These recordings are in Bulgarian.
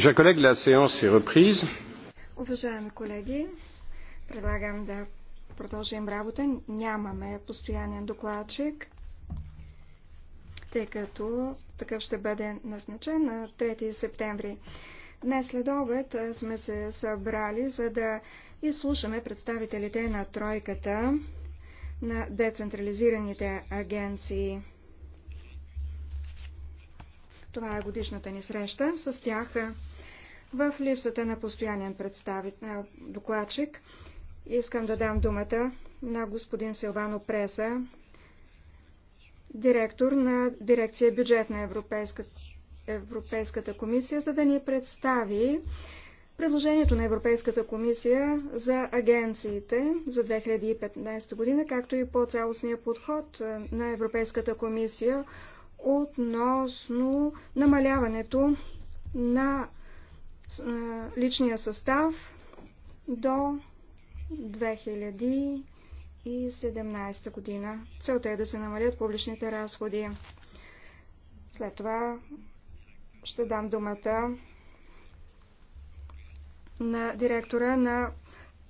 Chers collègues, la séance est reprise. Уважаеми колеги, предлагам да продължим работа. Нямаме постоянен докладчик, тъй като такъв ще бъде назначен на 3 септември. Днес след обед сме се събрали, за да изслушаме представителите на тройката на децентрализираните агенции. Това е годишната ни среща. С тях в липсата на постоянен представител, докладчик. Искам да дам думата на господин Силвано Преса, директор на дирекция бюджет на Европейска, Европейската комисия, за да ни представи предложението на Европейската комисия за агенциите за 2015 година, както и по-цялостния подход на Европейската комисия относно намаляването на личния състав до 2017 година. Целта е да се намалят публичните разходи. След това ще дам думата на директора на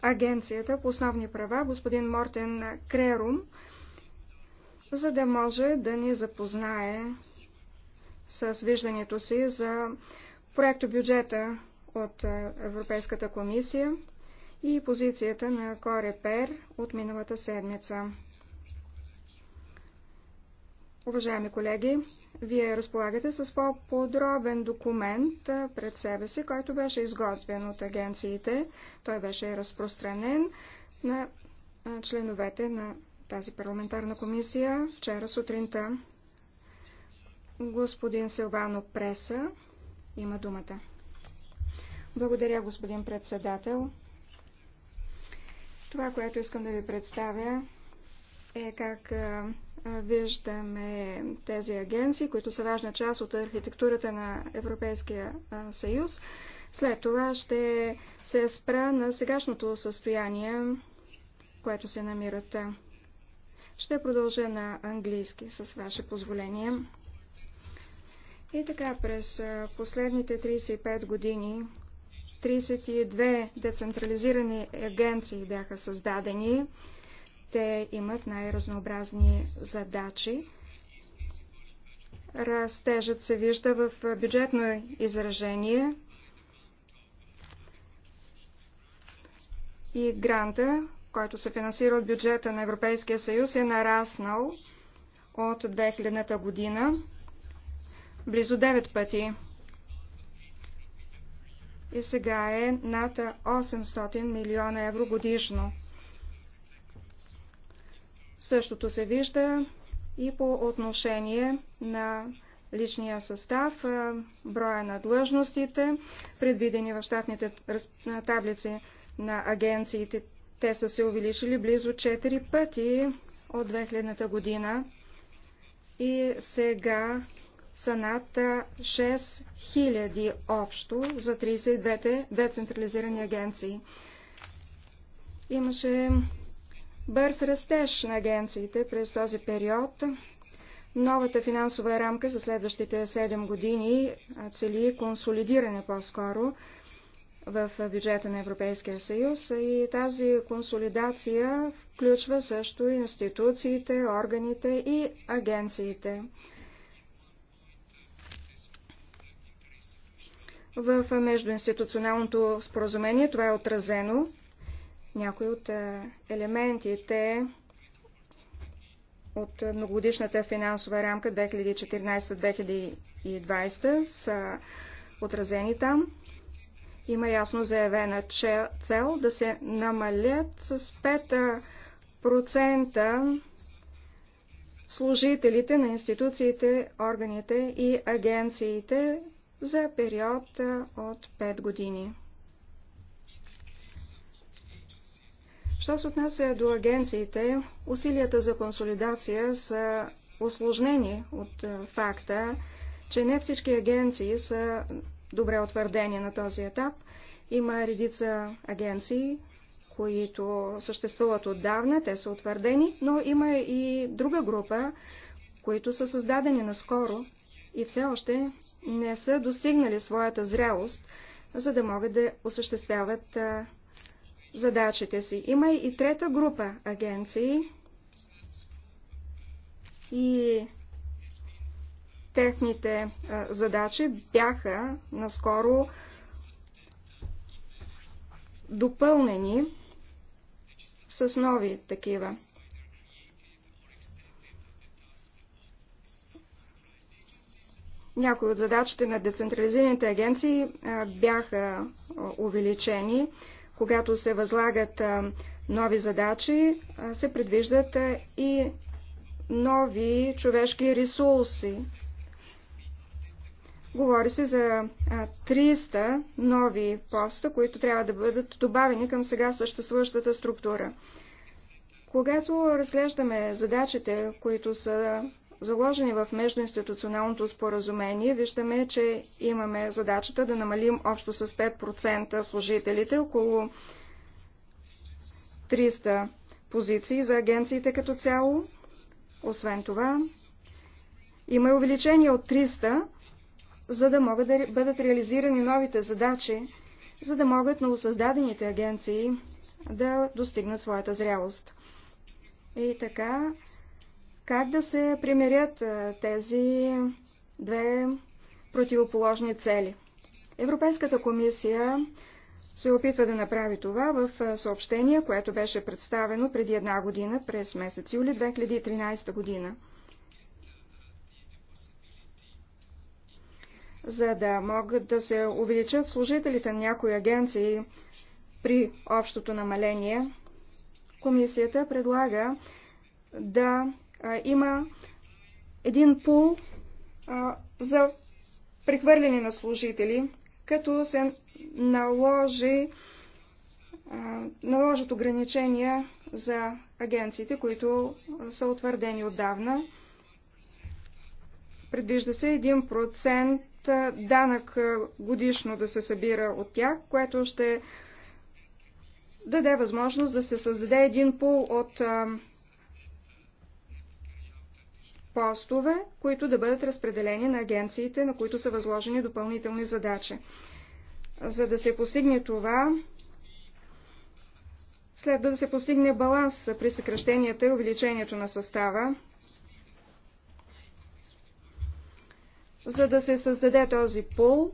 Агенцията по основни права, господин Мортен Крерум, за да може да ни запознае с виждането си за проекто бюджета от е, Европейската комисия и позицията на Корепер от миналата седмица. Уважаеми колеги, вие разполагате с по-подробен документ е, пред себе си, който беше изготвен от агенциите. Той беше разпространен на е, членовете на тази парламентарна комисия вчера сутринта. Господин Силвано Преса има думата. Благодаря, господин председател. Това, което искам да ви представя, е как виждаме тези агенции, които са важна част от архитектурата на Европейския съюз. След това ще се спра на сегашното състояние, което се намират. Ще продължа на английски, с ваше позволение. И така, през последните 35 години 32 децентрализирани агенции бяха създадени. Те имат най-разнообразни задачи. Растежът се вижда в бюджетно изражение и гранта, който се финансира от бюджета на Европейския съюз, е нараснал от 2000-та година близо 9 пъти и сега е над 800 милиона евро годишно. Същото се вижда и по отношение на личния състав, броя на длъжностите, предвидени в щатните таблици на агенциите. Те са се увеличили близо 4 пъти от 2000 година и сега са над 6000 общо за 32-те децентрализирани агенции. Имаше бърз растеж на агенциите през този период. Новата финансова рамка за следващите 7 години цели консолидиране по-скоро в бюджета на Европейския съюз и тази консолидация включва също институциите, органите и агенциите. в междуинституционалното споразумение. Това е отразено. Някои от е, елементите от многогодишната финансова рамка 2014-2020 са отразени там. Има ясно заявена цел да се намалят с 5% служителите на институциите, органите и агенциите за период от 5 години. Що се отнася до агенциите, усилията за консолидация са осложнени от факта, че не всички агенции са добре утвърдени на този етап. Има редица агенции, които съществуват отдавна, те са утвърдени, но има и друга група, които са създадени наскоро и все още не са достигнали своята зрялост, за да могат да осъществяват а, задачите си. Има и трета група агенции и техните а, задачи бяха наскоро допълнени с нови такива. Някои от задачите на децентрализираните агенции бяха увеличени. Когато се възлагат нови задачи, се предвиждат и нови човешки ресурси. Говори се за 300 нови поста, които трябва да бъдат добавени към сега съществуващата структура. Когато разглеждаме задачите, които са заложени в междуинституционалното споразумение, виждаме, че имаме задачата да намалим общо с 5% служителите, около 300 позиции за агенциите като цяло. Освен това, има и увеличение от 300, за да могат да бъдат реализирани новите задачи, за да могат новосъздадените агенции да достигнат своята зрялост. И така, как да се примирят тези две противоположни цели? Европейската комисия се опитва да направи това в съобщение, което беше представено преди една година, през месец юли 2013 година. За да могат да се увеличат служителите на някои агенции при общото намаление, комисията предлага да има един пул за прехвърляне на служители, като се наложи, наложат ограничения за агенциите, които са утвърдени отдавна. Предвижда се 1% данък годишно да се събира от тях, което ще даде възможност да се създаде един пул от постове, които да бъдат разпределени на агенциите, на които са възложени допълнителни задачи. За да се постигне това, следва да се постигне баланс при съкръщенията и увеличението на състава, за да се създаде този пул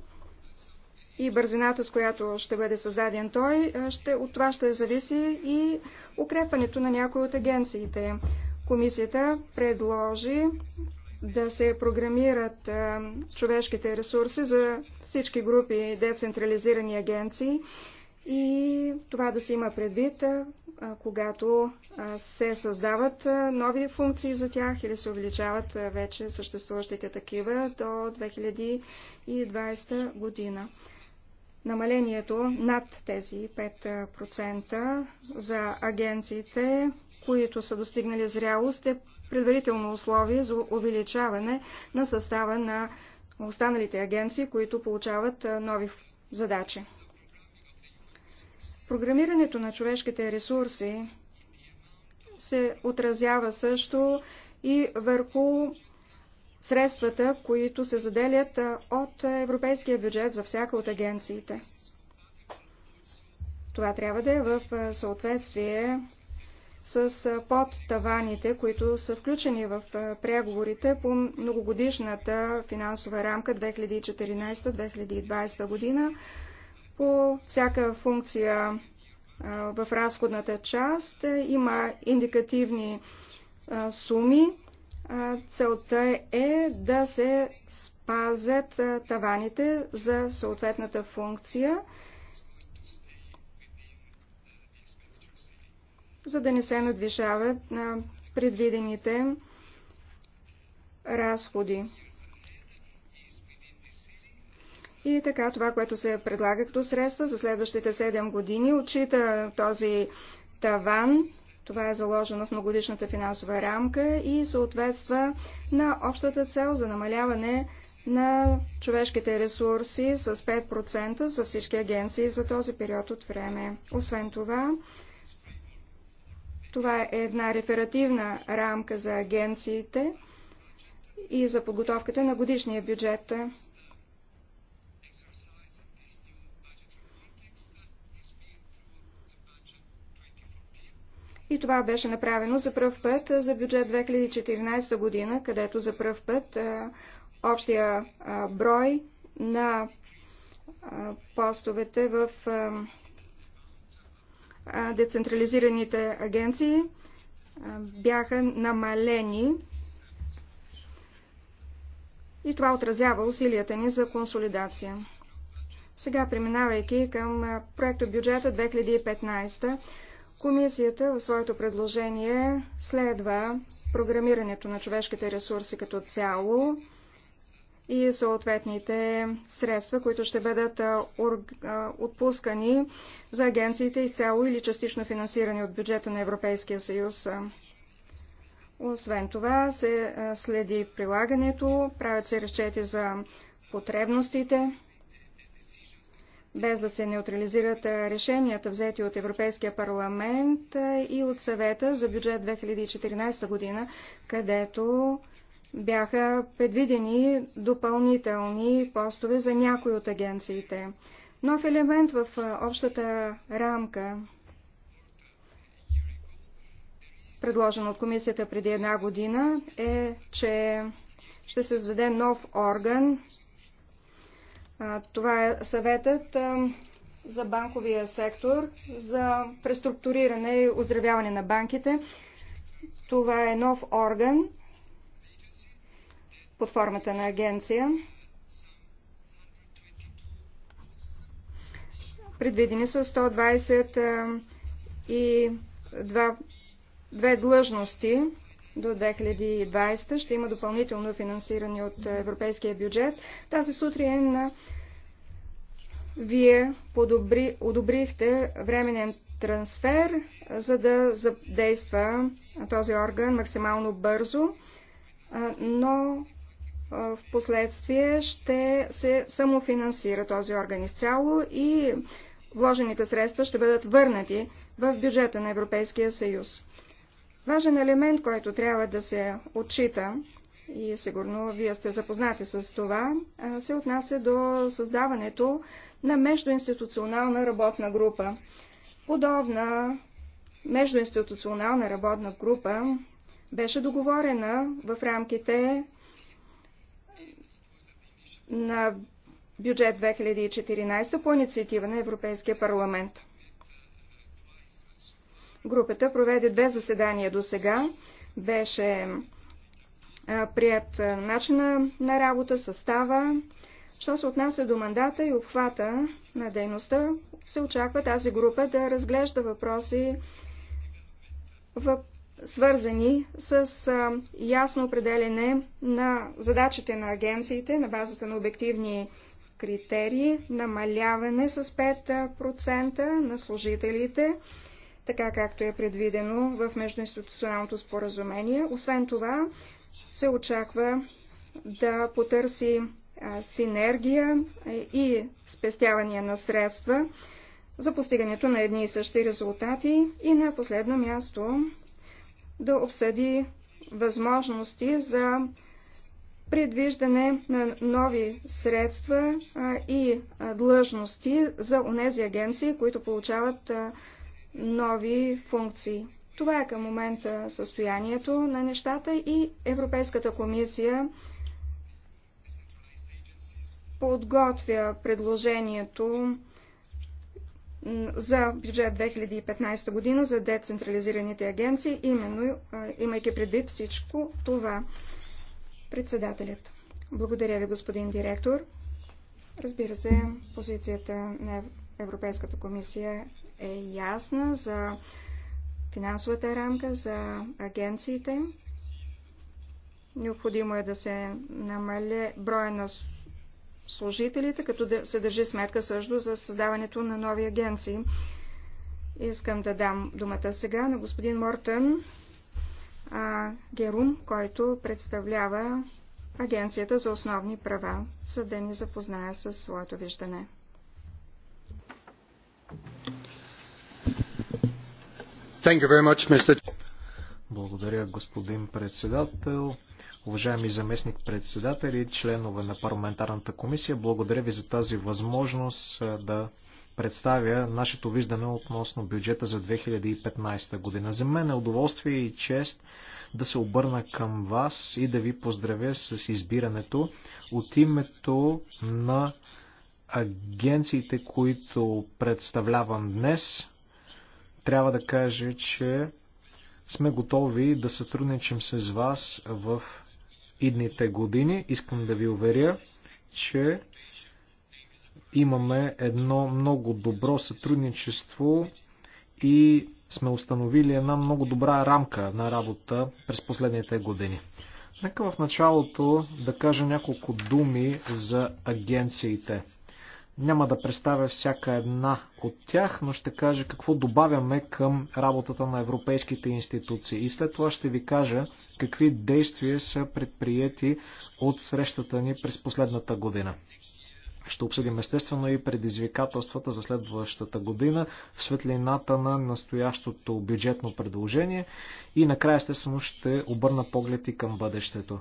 и бързината, с която ще бъде създаден той, ще, от това ще зависи и укрепването на някои от агенциите. Комисията предложи да се програмират човешките ресурси за всички групи децентрализирани агенции и това да се има предвид, когато се създават нови функции за тях или се увеличават вече съществуващите такива до 2020 година. Намалението над тези 5% за агенциите които са достигнали зрялост, е предварително условие за увеличаване на състава на останалите агенции, които получават нови задачи. Програмирането на човешките ресурси се отразява също и върху средствата, които се заделят от европейския бюджет за всяка от агенциите. Това трябва да е в съответствие с подтаваните, които са включени в преговорите по многогодишната финансова рамка 2014-2020 година по всяка функция в разходната част има индикативни суми. Целта е да се спазят таваните за съответната функция за да не се надвишават на предвидените разходи. И така, това, което се предлага като средства за следващите 7 години, отчита този таван. Това е заложено в многодишната финансова рамка и съответства на общата цел за намаляване на човешките ресурси с 5% за всички агенции за този период от време. Освен това, това е една реферативна рамка за агенциите и за подготовката на годишния бюджет. И това беше направено за пръв път за бюджет 2014 година, където за пръв път общия брой на постовете в децентрализираните агенции бяха намалени и това отразява усилията ни за консолидация. Сега, преминавайки към проекто бюджета 2015, комисията в своето предложение следва програмирането на човешките ресурси като цяло, и съответните средства, които ще бъдат отпускани за агенциите изцяло или частично финансирани от бюджета на Европейския съюз. Освен това се следи прилагането, правят се разчети за потребностите, без да се неутрализират решенията, взети от Европейския парламент и от съвета за бюджет 2014 година, където бяха предвидени допълнителни постове за някои от агенциите. Нов елемент в общата рамка, предложен от комисията преди една година, е, че ще се създаде нов орган. Това е съветът за банковия сектор, за преструктуриране и оздравяване на банките. Това е нов орган, под формата на агенция. Предвидени са 120 и два, две длъжности до 2020. Ще има допълнително финансиране от европейския бюджет. Тази сутрин вие подобри, одобрихте временен трансфер, за да задейства този орган максимално бързо, но в последствие ще се самофинансира този орган изцяло и вложените средства ще бъдат върнати в бюджета на Европейския съюз. Важен елемент, който трябва да се отчита, и сигурно вие сте запознати с това, се отнася до създаването на междуинституционална работна група. Подобна междуинституционална работна група беше договорена в рамките на бюджет 2014 по инициатива на Европейския парламент. Групата проведе две заседания до сега. Беше прият начина на работа, състава. Що се отнася до мандата и обхвата на дейността, се очаква тази група да разглежда въпроси в свързани с ясно определене на задачите на агенциите на базата на обективни критерии, намаляване с 5% на служителите, така както е предвидено в междуинституционалното споразумение. Освен това, се очаква да потърси синергия и спестявания на средства за постигането на едни и същи резултати. И на последно място да обсъди възможности за предвиждане на нови средства и длъжности за онези агенции, които получават нови функции. Това е към момента състоянието на нещата и Европейската комисия подготвя предложението за бюджет 2015 година за децентрализираните агенции, именно имайки предвид всичко това. Председателят. Благодаря ви, господин директор. Разбира се, позицията на Европейската комисия е ясна за финансовата рамка, за агенциите. Необходимо е да се намали броя на служителите, като да се държи сметка също за създаването на нови агенции. Искам да дам думата сега на господин Мортън а, Герум, който представлява Агенцията за основни права, за да ни запознае с своето виждане. Thank you very much, Mr. Благодаря, господин председател. Уважаеми заместник председатели, членове на парламентарната комисия, благодаря ви за тази възможност да представя нашето виждане относно бюджета за 2015 година. За мен е удоволствие и чест да се обърна към вас и да ви поздравя с избирането от името на агенциите, които представлявам днес. Трябва да кажа, че сме готови да сътрудничим с вас в идните години. Искам да ви уверя, че имаме едно много добро сътрудничество и сме установили една много добра рамка на работа през последните години. Нека в началото да кажа няколко думи за агенциите. Няма да представя всяка една от тях, но ще кажа какво добавяме към работата на европейските институции. И след това ще ви кажа какви действия са предприяти от срещата ни през последната година. Ще обсъдим естествено и предизвикателствата за следващата година в светлината на настоящото бюджетно предложение и накрая естествено ще обърна поглед и към бъдещето.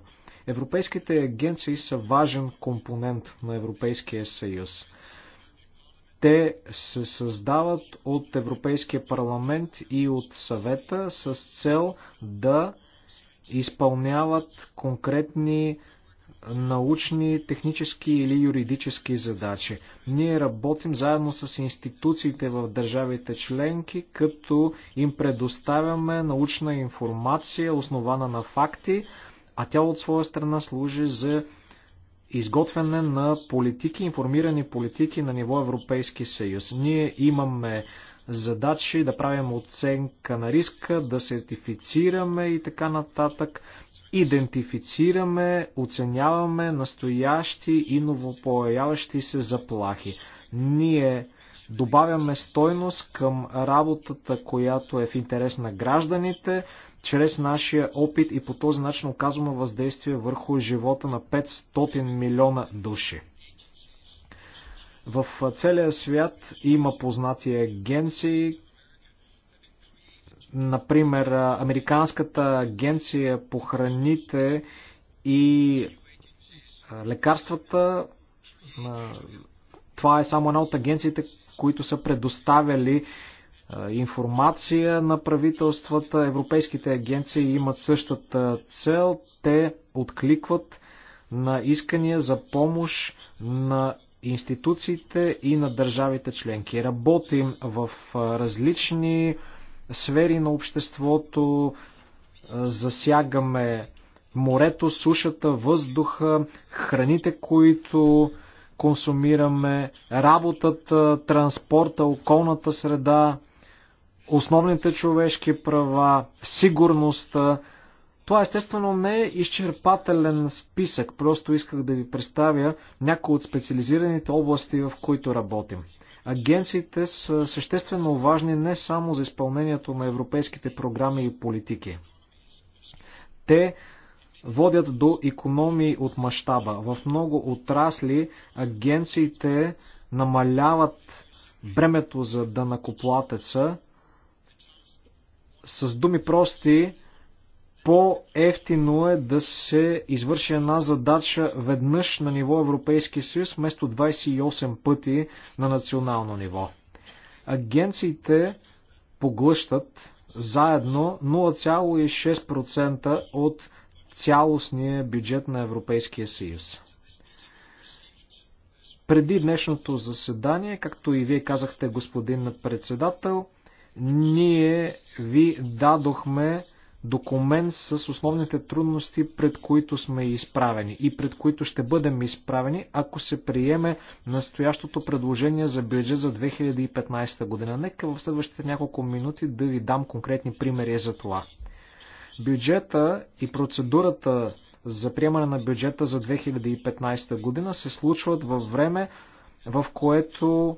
Европейските агенции са важен компонент на Европейския съюз. Те се създават от Европейския парламент и от съвета с цел да изпълняват конкретни научни, технически или юридически задачи. Ние работим заедно с институциите в държавите членки, като им предоставяме научна информация, основана на факти, а тя от своя страна служи за изготвяне на политики, информирани политики на ниво Европейски съюз. Ние имаме задачи, да правим оценка на риска, да сертифицираме и така нататък. Идентифицираме, оценяваме настоящи и новопоявяващи се заплахи. Ние добавяме стойност към работата, която е в интерес на гражданите, чрез нашия опит и по този начин оказваме въздействие върху живота на 500 милиона души. В целия свят има познати агенции, например Американската агенция по храните и лекарствата. Това е само една от агенциите, които са предоставяли информация на правителствата. Европейските агенции имат същата цел. Те откликват на искания за помощ на институциите и на държавите членки. Работим в различни сфери на обществото, засягаме морето, сушата, въздуха, храните, които консумираме, работата, транспорта, околната среда, основните човешки права, сигурността. Това естествено не е изчерпателен списък, просто исках да ви представя някои от специализираните области, в които работим. Агенциите са съществено важни не само за изпълнението на европейските програми и политики. Те водят до економии от мащаба. В много отрасли агенциите намаляват бремето за данакоплатеца. С думи прости, по-ефтино е да се извърши една задача веднъж на ниво Европейски съюз, вместо 28 пъти на национално ниво. Агенциите поглъщат заедно 0,6% от цялостния бюджет на Европейския съюз. Преди днешното заседание, както и вие казахте, господин председател, ние ви дадохме документ с основните трудности, пред които сме изправени и пред които ще бъдем изправени, ако се приеме настоящото предложение за бюджет за 2015 година. Нека в следващите няколко минути да ви дам конкретни примери за това. Бюджета и процедурата за приемане на бюджета за 2015 година се случват във време, в което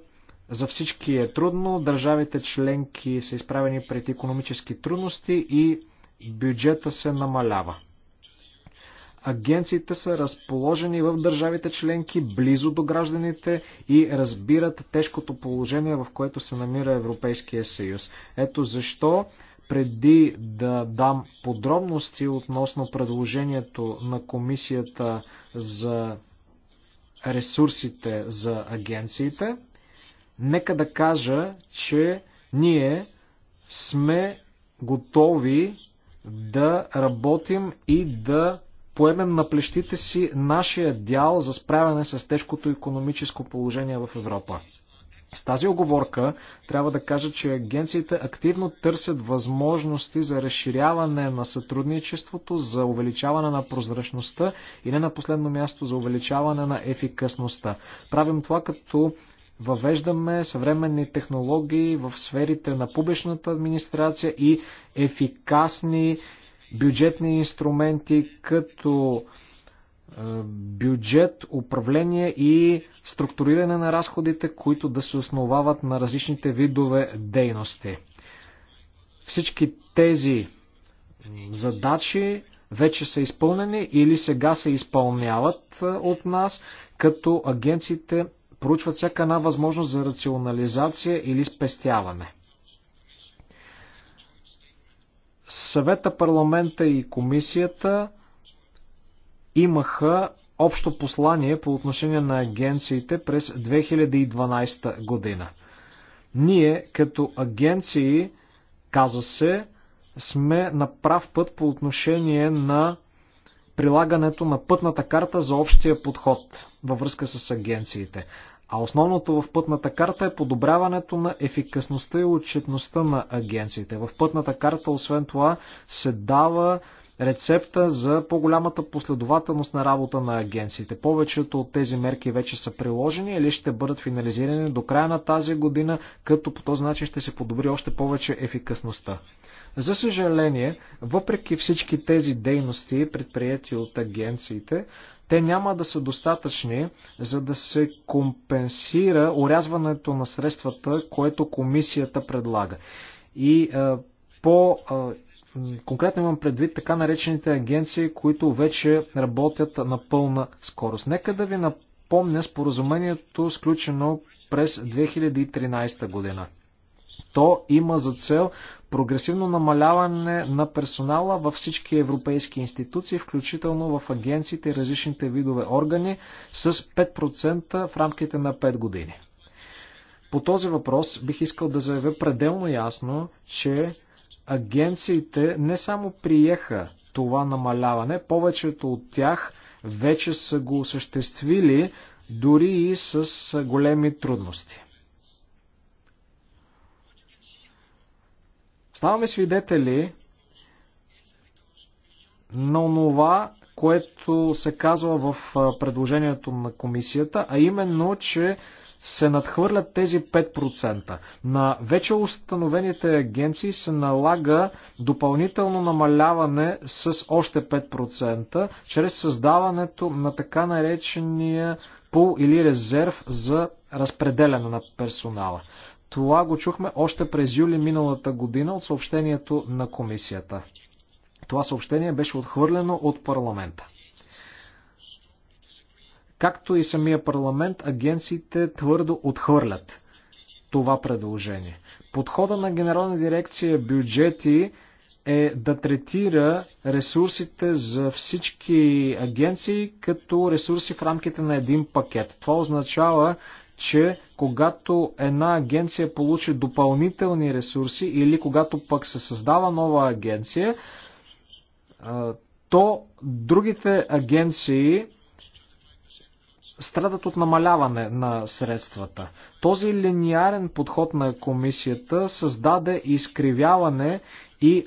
за всички е трудно, държавите членки са изправени пред економически трудности и бюджета се намалява. Агенциите са разположени в държавите членки, близо до гражданите и разбират тежкото положение, в което се намира Европейския съюз. Ето защо, преди да дам подробности относно предложението на комисията за ресурсите за агенциите, нека да кажа, че ние сме готови да работим и да поемем на плещите си нашия дял за справяне с тежкото економическо положение в Европа. С тази оговорка трябва да кажа, че агенциите активно търсят възможности за разширяване на сътрудничеството, за увеличаване на прозрачността и не на последно място за увеличаване на ефикасността. Правим това като Въвеждаме съвременни технологии в сферите на публичната администрация и ефикасни бюджетни инструменти, като е, бюджет, управление и структуриране на разходите, които да се основават на различните видове дейности. Всички тези задачи вече са изпълнени или сега се изпълняват е, от нас, като агенциите проучват всяка една възможност за рационализация или спестяване. Съвета, парламента и комисията имаха общо послание по отношение на агенциите през 2012 година. Ние, като агенции, каза се, сме на прав път по отношение на прилагането на пътната карта за общия подход във връзка с агенциите. А основното в пътната карта е подобряването на ефикасността и отчетността на агенциите. В пътната карта, освен това, се дава рецепта за по-голямата последователност на работа на агенциите. Повечето от тези мерки вече са приложени или ще бъдат финализирани до края на тази година, като по този начин ще се подобри още повече ефикасността. За съжаление, въпреки всички тези дейности, предприяти от агенциите, те няма да са достатъчни, за да се компенсира урязването на средствата, което комисията предлага. И е, по е, конкретно имам предвид така наречените агенции, които вече работят на пълна скорост. Нека да ви напомня споразумението, сключено през 2013 година. То има за цел прогресивно намаляване на персонала във всички европейски институции, включително в агенциите и различните видове органи, с 5% в рамките на 5 години. По този въпрос бих искал да заявя пределно ясно, че агенциите не само приеха това намаляване, повечето от тях вече са го осъществили дори и с големи трудности. Ставаме свидетели на това, което се казва в предложението на комисията, а именно, че се надхвърлят тези 5%. На вече установените агенции се налага допълнително намаляване с още 5%, чрез създаването на така наречения пул или резерв за разпределяне на персонала. Това го чухме още през юли миналата година от съобщението на комисията. Това съобщение беше отхвърлено от парламента. Както и самия парламент, агенциите твърдо отхвърлят това предложение. Подхода на Генерална дирекция бюджети е да третира ресурсите за всички агенции като ресурси в рамките на един пакет. Това означава, че когато една агенция получи допълнителни ресурси или когато пък се създава нова агенция, то другите агенции страдат от намаляване на средствата. Този линиарен подход на комисията създаде изкривяване и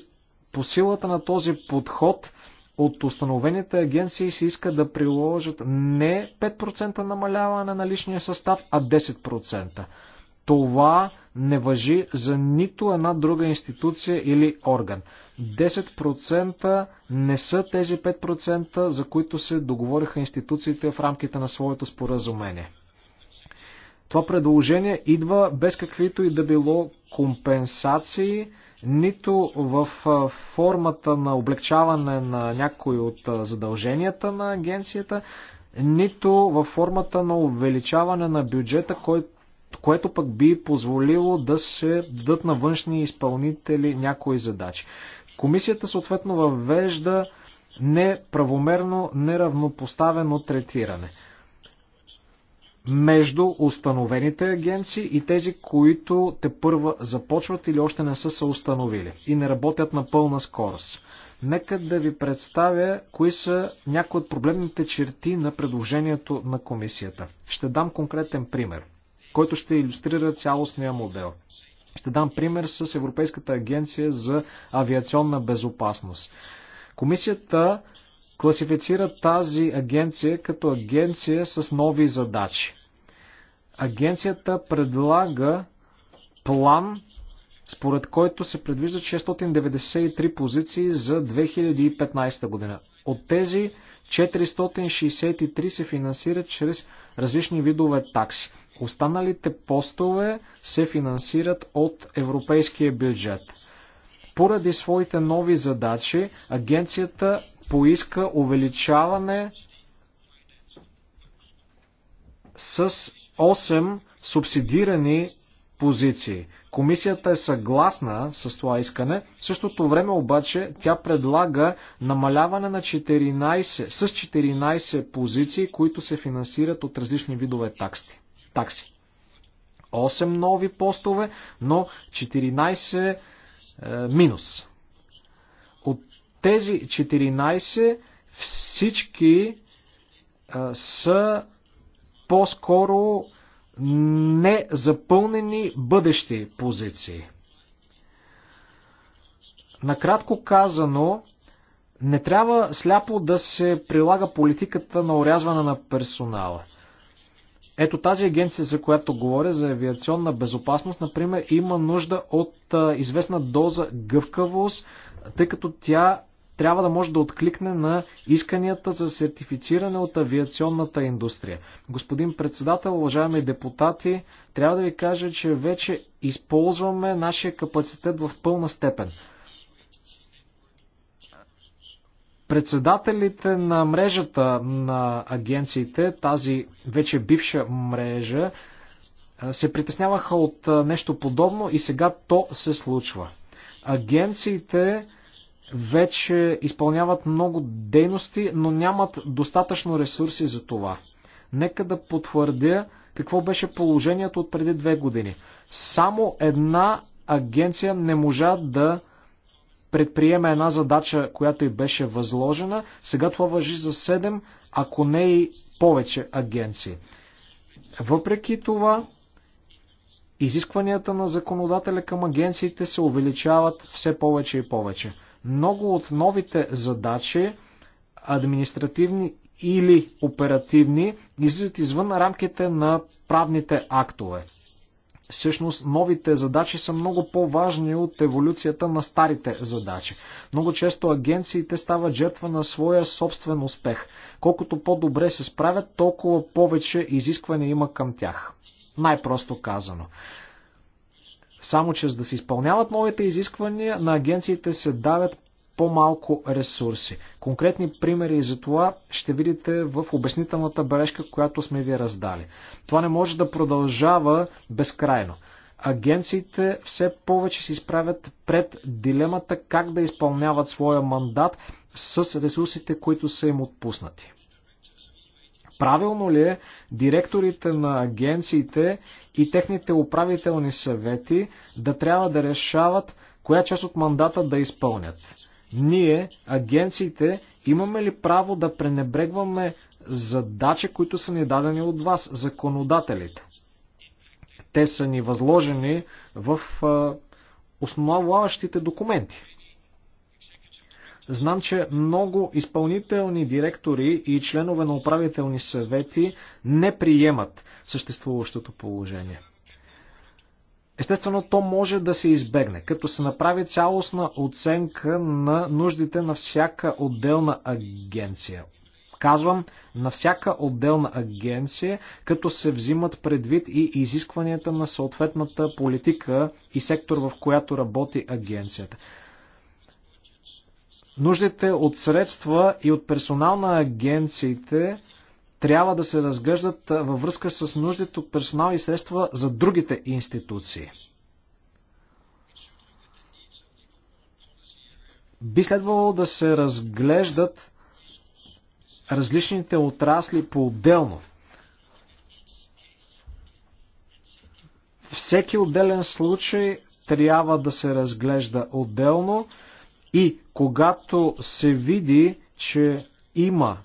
по силата на този подход от установените агенции се иска да приложат не 5% намаляване на личния състав, а 10%. Това не въжи за нито една друга институция или орган. 10% не са тези 5%, за които се договориха институциите в рамките на своето споразумение. Това предложение идва без каквито и да било компенсации, нито в формата на облегчаване на някои от задълженията на агенцията, нито в формата на увеличаване на бюджета, който което пък би позволило да се дадат на външни изпълнители някои задачи. Комисията съответно въвежда неправомерно неравнопоставено третиране между установените агенции и тези, които те първа започват или още не са се установили и не работят на пълна скорост. Нека да ви представя кои са някои от проблемните черти на предложението на комисията. Ще дам конкретен пример, който ще иллюстрира цялостния модел. Ще дам пример с Европейската агенция за авиационна безопасност. Комисията класифицира тази агенция като агенция с нови задачи. Агенцията предлага план, според който се предвижда 693 позиции за 2015 година. От тези 463 се финансират чрез различни видове такси. Останалите постове се финансират от европейския бюджет. Поради своите нови задачи, агенцията поиска увеличаване с 8 субсидирани позиции. Комисията е съгласна с това искане, в същото време обаче тя предлага намаляване на 14, с 14 позиции, които се финансират от различни видове такси. такси. 8 нови постове, но 14 е, минус. Тези 14 всички а, са по-скоро незапълнени бъдещи позиции. Накратко казано, не трябва сляпо да се прилага политиката на урязване на персонала. Ето тази агенция, за която говоря, за авиационна безопасност, например, има нужда от а, известна доза гъвкавост, тъй като тя трябва да може да откликне на исканията за сертифициране от авиационната индустрия. Господин председател, уважаеми депутати, трябва да ви кажа, че вече използваме нашия капацитет в пълна степен. Председателите на мрежата на агенциите, тази вече бивша мрежа, се притесняваха от нещо подобно и сега то се случва. Агенциите вече изпълняват много дейности, но нямат достатъчно ресурси за това. Нека да потвърдя какво беше положението от преди две години. Само една агенция не можа да предприеме една задача, която й беше възложена. Сега това въжи за 7, ако не и повече агенции. Въпреки това, изискванията на законодателя към агенциите се увеличават все повече и повече. Много от новите задачи, административни или оперативни, излизат извън рамките на правните актове. Всъщност новите задачи са много по-важни от еволюцията на старите задачи. Много често агенциите стават жертва на своя собствен успех. Колкото по-добре се справят, толкова повече изискване има към тях. Най-просто казано. Само че за да се изпълняват новите изисквания, на агенциите се давят по-малко ресурси. Конкретни примери за това ще видите в обяснителната бележка, която сме ви раздали. Това не може да продължава безкрайно. Агенциите все повече се изправят пред дилемата как да изпълняват своя мандат с ресурсите, които са им отпуснати. Правилно ли е директорите на агенциите и техните управителни съвети да трябва да решават коя част от мандата да изпълнят? Ние, агенциите, имаме ли право да пренебрегваме задачи, които са ни дадени от вас, законодателите? Те са ни възложени в основаващите документи. Знам, че много изпълнителни директори и членове на управителни съвети не приемат съществуващото положение. Естествено, то може да се избегне, като се направи цялостна оценка на нуждите на всяка отделна агенция. Казвам, на всяка отделна агенция, като се взимат предвид и изискванията на съответната политика и сектор, в която работи агенцията нуждите от средства и от персонал на агенциите трябва да се разглеждат във връзка с нуждите от персонал и средства за другите институции. Би следвало да се разглеждат различните отрасли по-отделно. Всеки отделен случай трябва да се разглежда отделно и когато се види, че има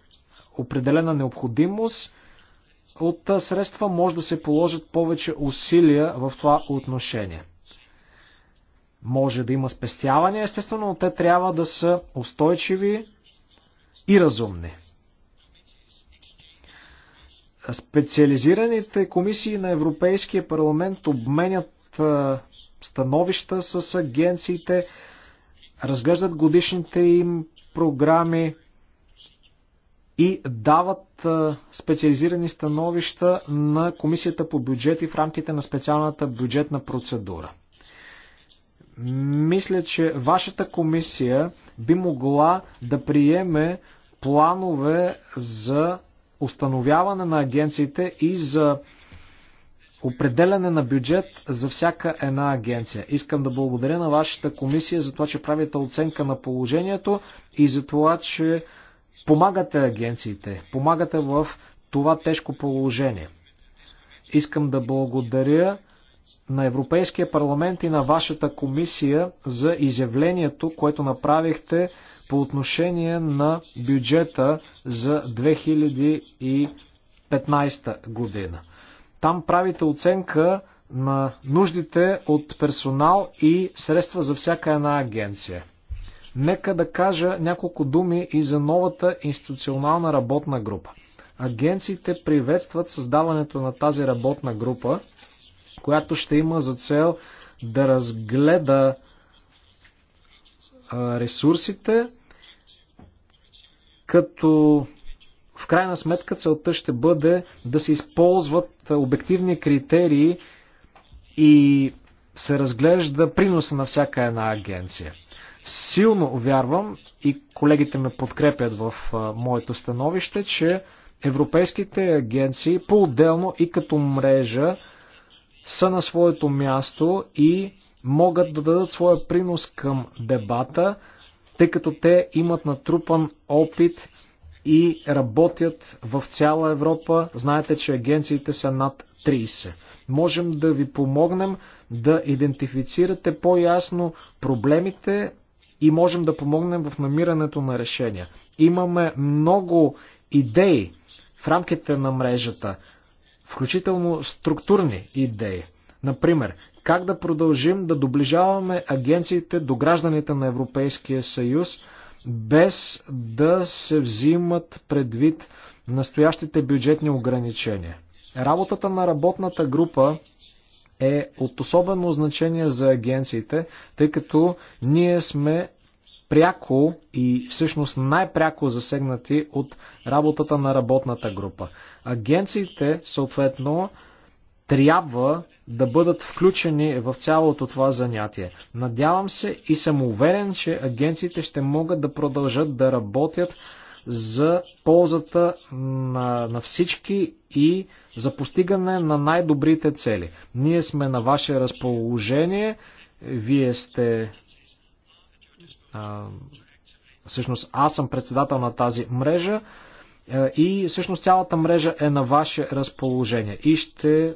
определена необходимост от средства, може да се положат повече усилия в това отношение. Може да има спестявания, естествено, но те трябва да са устойчиви и разумни. Специализираните комисии на Европейския парламент обменят становища с агенциите, разглеждат годишните им програми и дават специализирани становища на Комисията по бюджети в рамките на специалната бюджетна процедура. Мисля, че вашата комисия би могла да приеме планове за установяване на агенциите и за определяне на бюджет за всяка една агенция. Искам да благодаря на вашата комисия за това, че правите оценка на положението и за това, че помагате агенциите, помагате в това тежко положение. Искам да благодаря на Европейския парламент и на вашата комисия за изявлението, което направихте по отношение на бюджета за 2015 година. Там правите оценка на нуждите от персонал и средства за всяка една агенция. Нека да кажа няколко думи и за новата институционална работна група. Агенциите приветстват създаването на тази работна група, която ще има за цел да разгледа ресурсите, като в крайна сметка целта ще бъде да се използват обективни критерии и се разглежда приноса на всяка една агенция. Силно вярвам и колегите ме подкрепят в моето становище, че европейските агенции по-отделно и като мрежа са на своето място и могат да дадат своя принос към дебата, тъй като те имат натрупан опит и работят в цяла Европа. Знаете, че агенциите са над 30. Можем да ви помогнем да идентифицирате по-ясно проблемите и можем да помогнем в намирането на решения. Имаме много идеи в рамките на мрежата, включително структурни идеи. Например, как да продължим да доближаваме агенциите до гражданите на Европейския съюз, без да се взимат предвид настоящите бюджетни ограничения. Работата на работната група е от особено значение за агенциите, тъй като ние сме пряко и всъщност най-пряко засегнати от работата на работната група. Агенциите, съответно, трябва да бъдат включени в цялото това занятие. Надявам се и съм уверен, че агенциите ще могат да продължат да работят за ползата на, на всички и за постигане на най-добрите цели. Ние сме на ваше разположение, вие сте. А, всъщност аз съм председател на тази мрежа. Е, и всъщност цялата мрежа е на ваше разположение. И ще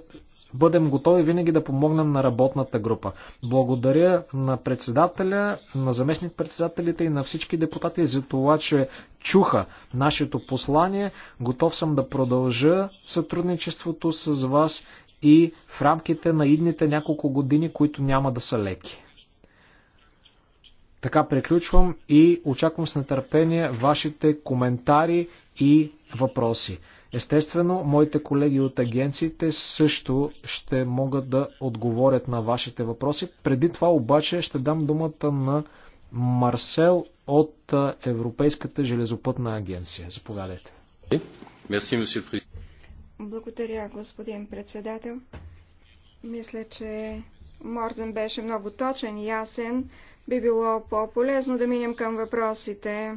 бъдем готови винаги да помогнем на работната група. Благодаря на председателя, на заместник-председателите и на всички депутати за това, че чуха нашето послание. Готов съм да продължа сътрудничеството с вас и в рамките на идните няколко години, които няма да са леки. Така приключвам и очаквам с нетърпение вашите коментари и въпроси. Естествено, моите колеги от агенциите също ще могат да отговорят на вашите въпроси. Преди това обаче ще дам думата на Марсел от Европейската железопътна агенция. Заповядайте. Благодаря, господин председател. Мисля, че Морден беше много точен и ясен би било по-полезно да минем към въпросите.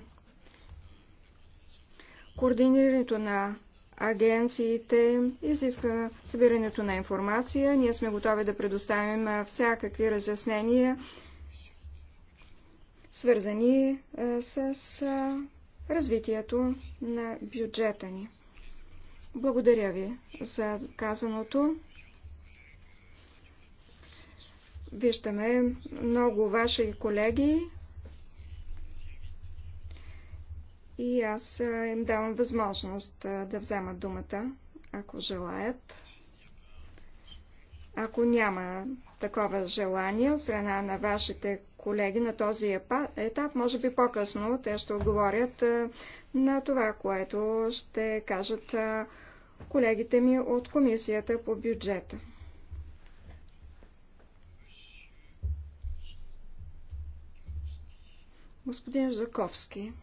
Координирането на агенциите изисква събирането на информация. Ние сме готови да предоставим всякакви разяснения, свързани с развитието на бюджета ни. Благодаря ви за казаното. Виждаме много ваши колеги и аз им давам възможност да вземат думата, ако желаят. Ако няма такова желание от страна на вашите колеги на този етап, може би по-късно те ще отговорят на това, което ще кажат колегите ми от Комисията по бюджета. Господин Жаковски.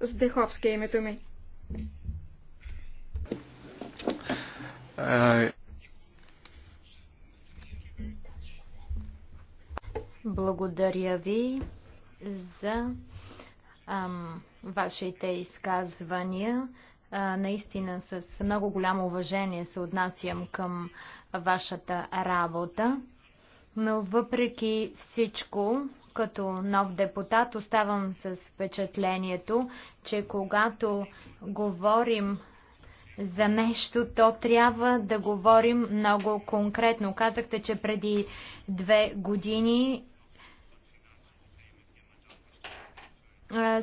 Здеховски е името ми. Благодаря ви за ам, вашите изказвания. А, наистина с много голямо уважение се отнасям към вашата работа, но въпреки всичко като нов депутат оставам с впечатлението, че когато говорим за нещо, то трябва да говорим много конкретно. Казахте, че преди две години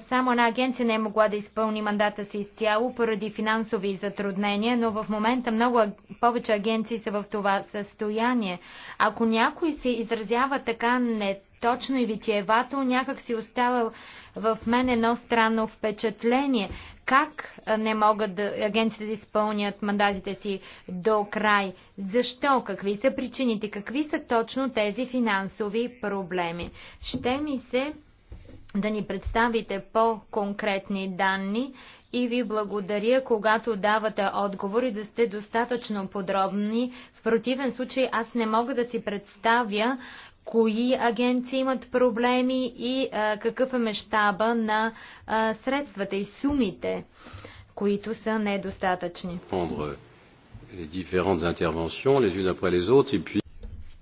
Само една агенция не е могла да изпълни мандата си изцяло поради финансови затруднения, но в момента много повече агенции са в това състояние. Ако някой се изразява така неточно и витиевато, някак си остава в мен едно странно впечатление. Как не могат да, агенциите да изпълнят мандатите си до край? Защо? Какви са причините? Какви са точно тези финансови проблеми? Ще ми се да ни представите по-конкретни данни и ви благодаря, когато давате отговори, да сте достатъчно подробни. В противен случай аз не мога да си представя кои агенции имат проблеми и а, какъв е мащаба на а, средствата и сумите, които са недостатъчни.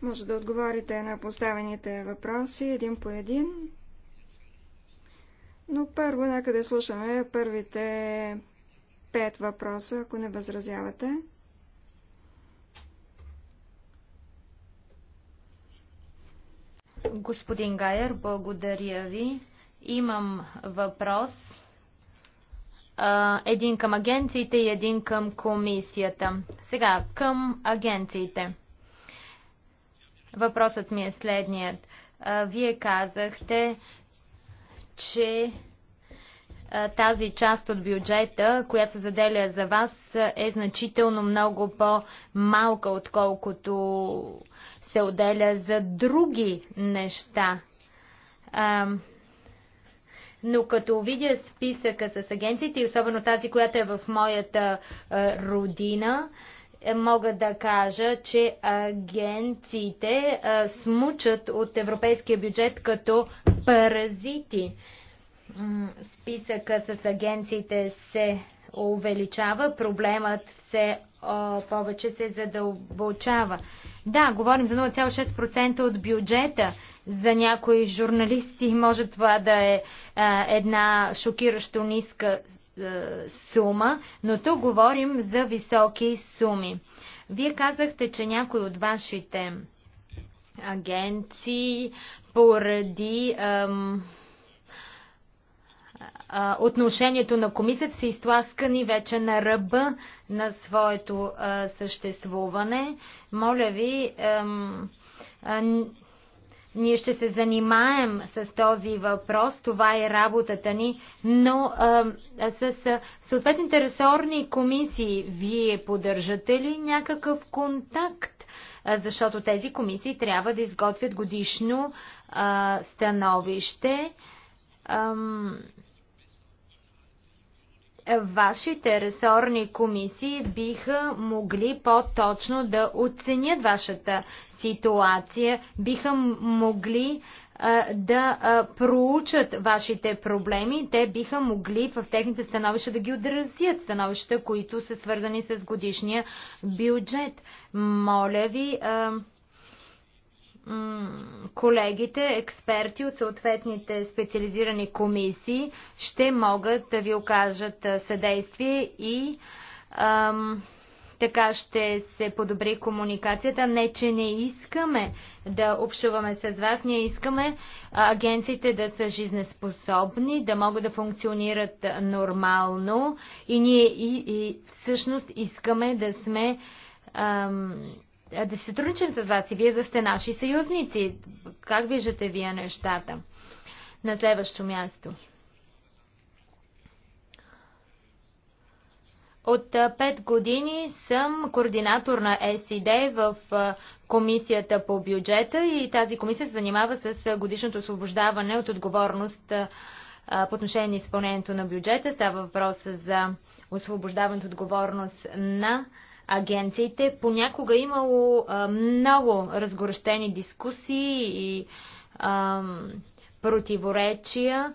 Може да отговорите на поставените въпроси един по един но първо, нека да слушаме първите пет въпроса, ако не възразявате. Господин Гайер, благодаря ви. Имам въпрос. Един към агенциите и един към комисията. Сега, към агенциите. Въпросът ми е следният. Вие казахте, че тази част от бюджета, която се заделя за вас, е значително много по-малка, отколкото се отделя за други неща. Но като видя списъка с агенциите, и особено тази, която е в моята родина, е, мога да кажа, че агенциите смучат от европейския бюджет като паразити. Списъка с агенциите се увеличава, проблемът все повече се задълбочава. Да, говорим за 0,6% от бюджета. За някои журналисти може това да е една шокиращо ниска сума, но тук говорим за високи суми. Вие казахте, че някои от вашите агенции поради ам, а, отношението на комисията са изтласкани вече на ръба на своето а, съществуване. Моля ви, ам, а, ние ще се занимаем с този въпрос, това е работата ни, но а, с съответните ресорни комисии вие поддържате ли някакъв контакт? защото тези комисии трябва да изготвят годишно а, становище. Ам... Вашите ресорни комисии биха могли по-точно да оценят вашата ситуация, биха могли да проучат вашите проблеми. Те биха могли в техните становища да ги отразят, становища, които са свързани с годишния бюджет. Моля ви, колегите, експерти от съответните специализирани комисии ще могат да ви окажат съдействие и така ще се подобри комуникацията. Не, че не искаме да общуваме с вас. Ние искаме агенциите да са жизнеспособни, да могат да функционират нормално и ние и, и всъщност искаме да сме ам, да се сътрудничим с вас и вие да сте наши съюзници. Как виждате вие нещата? На следващо място. От 5 години съм координатор на СИД в Комисията по бюджета и тази комисия се занимава с годишното освобождаване от отговорност по отношение на изпълнението на бюджета. Става въпрос за освобождаването от отговорност на агенциите. Понякога имало много разгорещени дискусии и противоречия.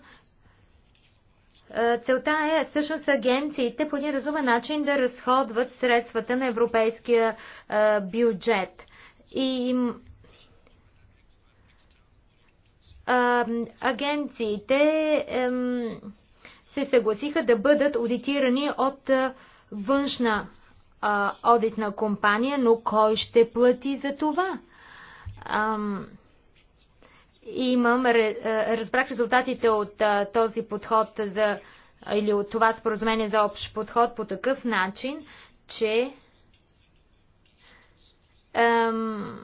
Е, целта е всъщност агенциите по един разумен начин да разходват средствата на европейския е, бюджет. И е, агенциите се съгласиха да бъдат аудитирани от външна аудитна компания, но кой ще плати за това? Ам, имам, разбрах резултатите от този подход за, или от това споразумение за общ подход по такъв начин, че ем,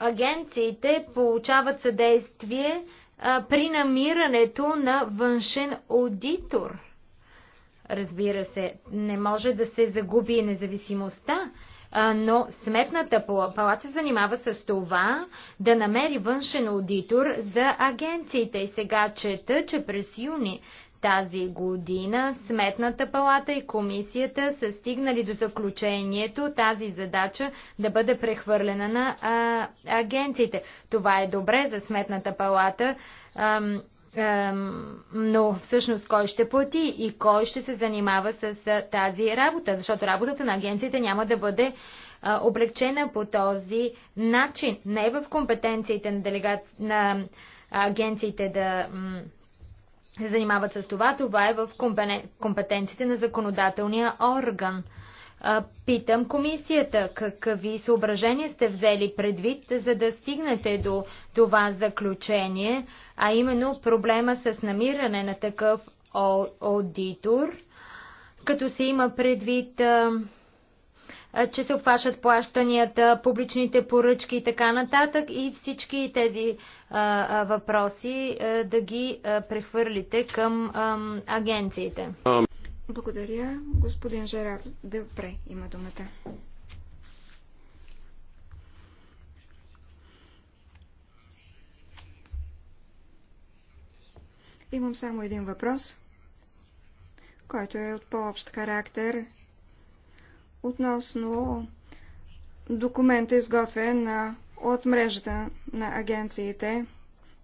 агенциите получават съдействие при намирането на външен аудитор. Разбира се, не може да се загуби независимостта но Сметната палата се занимава с това да намери външен аудитор за агенциите. И сега чета, че през юни тази година Сметната палата и комисията са стигнали до заключението тази задача да бъде прехвърлена на а, агенциите. Това е добре за Сметната палата. А, но всъщност кой ще плати и кой ще се занимава с тази работа, защото работата на агенциите няма да бъде облегчена по този начин. Не е в компетенциите на, делега... на агенциите да се занимават с това, това е в компетенциите на законодателния орган. Питам комисията, какви съображения сте взели предвид, за да стигнете до това заключение, а именно проблема с намиране на такъв аудитор, като се има предвид, че се обхващат плащанията, публичните поръчки и така нататък и всички тези въпроси да ги прехвърлите към агенциите. Благодаря. Господин Жерар Депре има думата. Имам само един въпрос, който е от по-общ характер относно документа изготвен от мрежата на агенциите.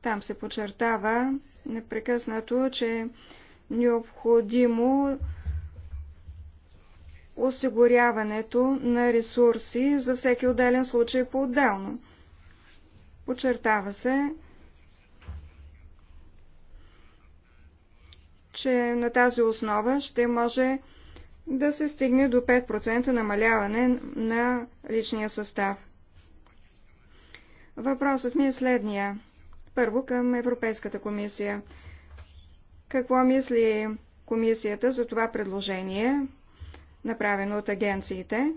Там се подчертава непрекъснато, че необходимо осигуряването на ресурси за всеки отделен случай по-отделно. Почертава се, че на тази основа ще може да се стигне до 5% намаляване на личния състав. Въпросът ми е следния. Първо към Европейската комисия. Какво мисли комисията за това предложение, направено от агенциите?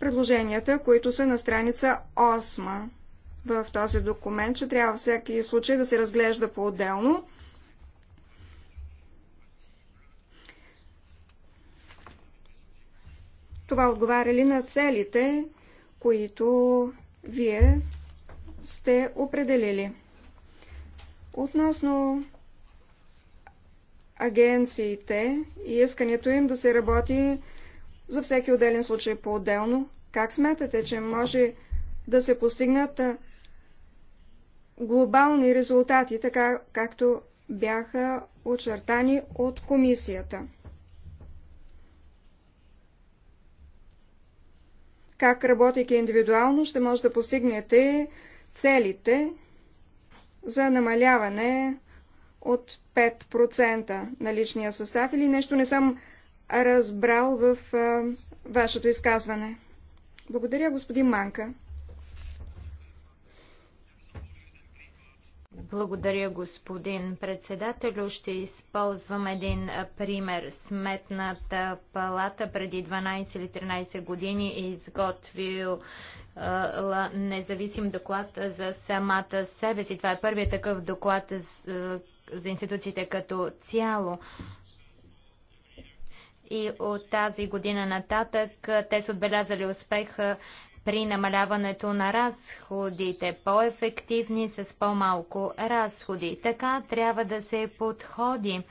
Предложенията, които са на страница 8 в този документ, че трябва всеки случай да се разглежда по-отделно. Това отговаря ли на целите, които вие сте определили. Относно агенциите и искането им да се работи за всеки отделен случай по-отделно, как смятате, че може да се постигнат глобални резултати, така както бяха очертани от комисията? как работейки индивидуално ще може да постигнете целите за намаляване от 5% на личния състав или нещо не съм разбрал в а, вашето изказване. Благодаря, господин Манка. Благодаря, господин председател. Ще използвам един пример. Сметната палата преди 12 или 13 години е изготвил независим доклад за самата себе си. Това е първият такъв доклад за, институциите като цяло. И от тази година нататък те са отбелязали успеха при намаляването на разходите, по-ефективни с по-малко разходи. Така трябва да се подходи.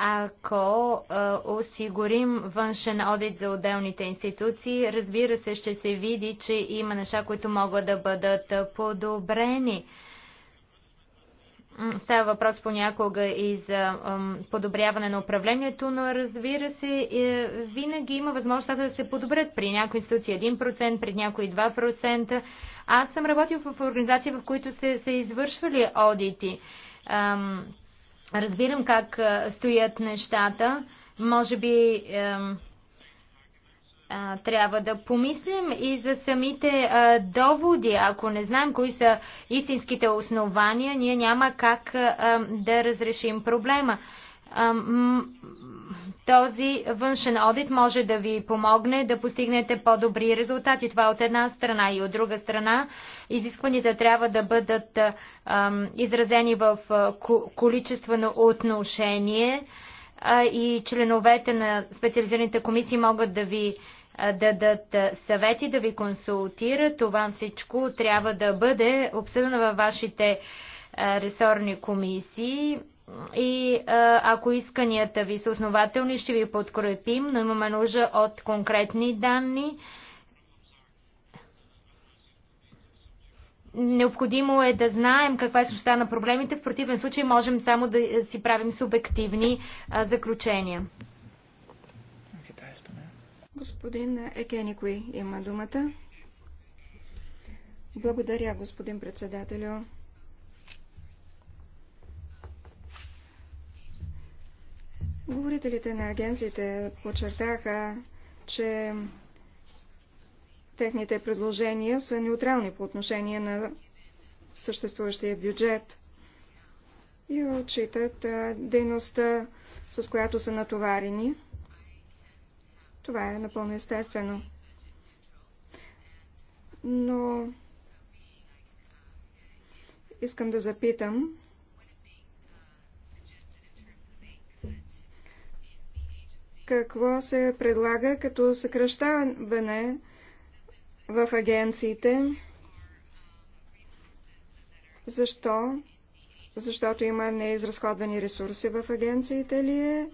Ако е, осигурим външен одит за отделните институции, разбира се, ще се види, че има неща, които могат да бъдат подобрени. Става въпрос понякога и за подобряване на управлението, но разбира се, е, винаги има възможност да се подобрят при някои институции 1%, при някои 2%. Аз съм работил в организации, в които се, се извършвали одити. Разбирам как стоят нещата. Може би трябва да помислим и за самите а, доводи. Ако не знаем кои са истинските основания, ние няма как а, да разрешим проблема. А, този външен одит може да ви помогне да постигнете по-добри резултати. Това от една страна и от друга страна изискванията трябва да бъдат а, изразени в количествено отношение и членовете на специализираните комисии могат да ви да дадат съвети, да ви консултират. Това всичко трябва да бъде обсъдено във вашите ресорни комисии. И ако исканията ви са основателни, ще ви подкрепим, но имаме нужда от конкретни данни. Необходимо е да знаем каква е същата на проблемите. В противен случай можем само да си правим субективни заключения. Господин Екеникой има думата. Благодаря, господин председателю. Говорителите на агенциите подчертаха, че техните предложения са неутрални по отношение на съществуващия бюджет и отчитат дейността, с която са натоварени. Това е напълно естествено. Но искам да запитам, какво се предлага като съкръщаване в агенциите. Защо? Защото има неизразходвани ресурси в агенциите ли е?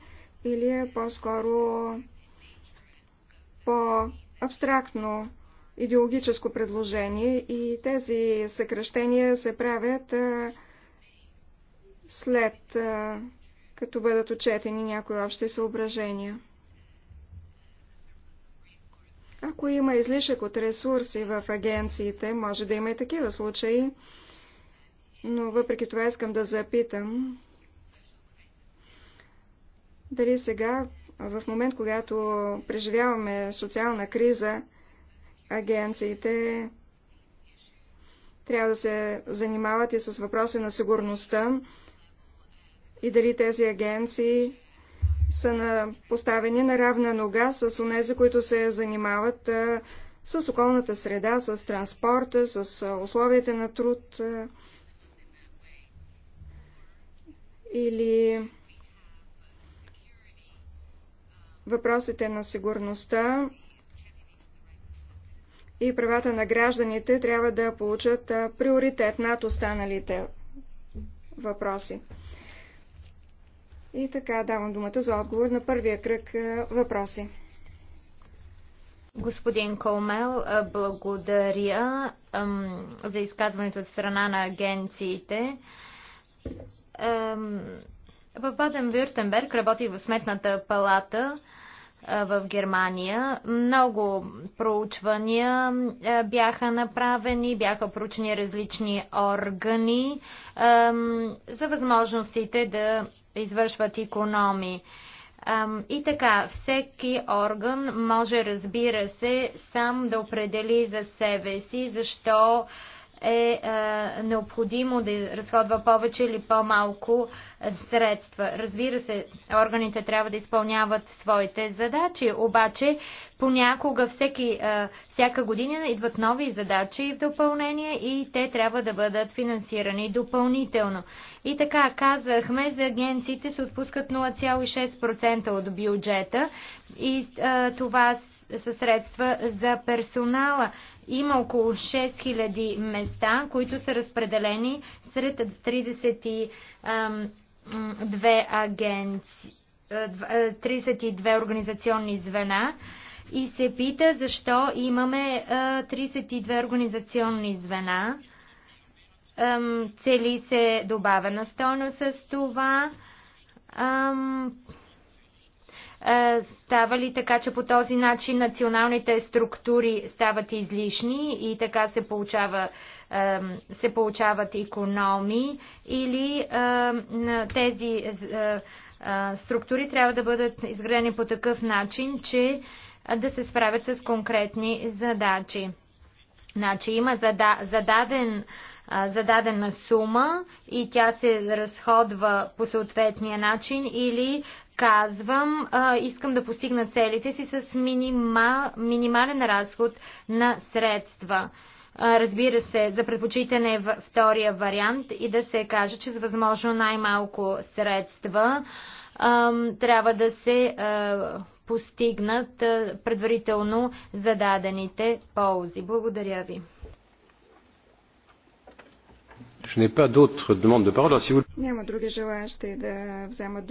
Или е по-скоро по-абстрактно идеологическо предложение и тези съкръщения се правят а, след а, като бъдат отчетени някои общи съображения. Ако има излишък от ресурси в агенциите, може да има и такива случаи, но въпреки това искам да запитам дали сега в момент, когато преживяваме социална криза, агенциите трябва да се занимават и с въпроси на сигурността и дали тези агенции са на, поставени на равна нога с онези, които се занимават а, с околната среда, с транспорта, с а, условията на труд а, или Въпросите на сигурността и правата на гражданите трябва да получат приоритет над останалите въпроси. И така давам думата за отговор на първия кръг въпроси. Господин Колмел, благодаря за изказването от страна на агенциите. В Баден-Вюртенберг работих в Сметната палата в Германия. Много проучвания бяха направени, бяха проучени различни органи за възможностите да извършват економии. И така, всеки орган може, разбира се, сам да определи за себе си, защо е, е необходимо да разходва повече или по-малко е, средства. Разбира се, органите трябва да изпълняват своите задачи, обаче понякога всеки, е, всяка година идват нови задачи в допълнение и те трябва да бъдат финансирани допълнително. И така, казахме, за агенциите се отпускат 0,6% от бюджета и това са средства за персонала. Има около 6000 места, които са разпределени сред 32 агенции. 32 организационни звена и се пита защо имаме 32 организационни звена. Цели се добавена стойност с това е, става ли така, че по този начин националните структури стават излишни и така се, получава, е, се получават економии или е, тези структури трябва да бъдат изградени по такъв начин, че да се справят с конкретни задачи? Значи има зададен за дадена сума и тя се разходва по съответния начин или казвам, а, искам да постигна целите си с минима, минимален разход на средства. А, разбира се, за предпочитане е втория вариант и да се каже, че с възможно най-малко средства а, трябва да се постигнат предварително зададените ползи. Благодаря ви. Няма други желаящи да вземат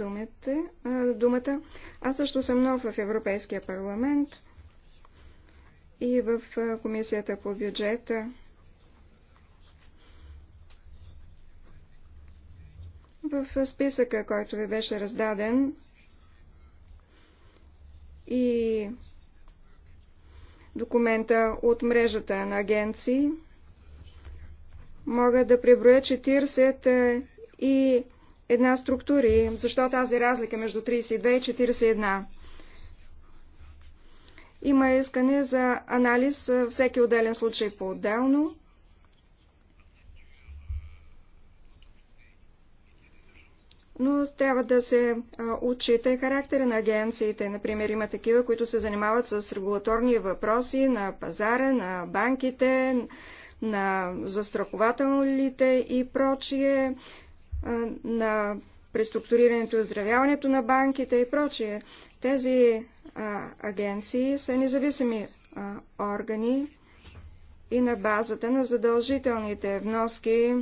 думата. Аз също съм нов в Европейския парламент и в Комисията по бюджета. В списъка, който ви беше раздаден и документа от мрежата на агенции, мога да преброя 40 е, и една структури. Защо тази е разлика между 32 и 41? Има искане за анализ е, всеки отделен случай по-отделно. Но трябва да се отчита и характера на агенциите. Например, има такива, които се занимават с регулаторни въпроси на пазара, на банките, на застрахователите и прочие, на преструктурирането и оздравяването на банките и прочие. Тези а, агенции са независими а, органи и на базата на задължителните вноски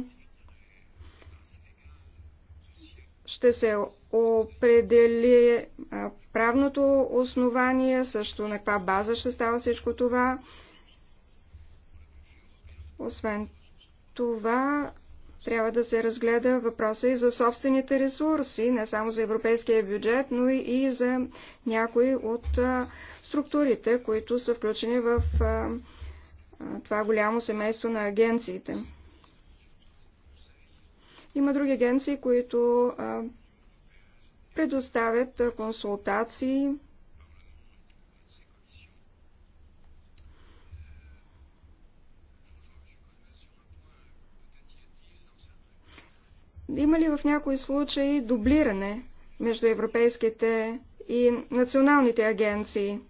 ще се определи а, правното основание, също на каква база ще става всичко това. Освен това, трябва да се разгледа въпроса и за собствените ресурси, не само за европейския бюджет, но и за някои от структурите, които са включени в това голямо семейство на агенциите. Има други агенции, които предоставят консултации Има ли в някои случаи дублиране между европейските и националните агенции?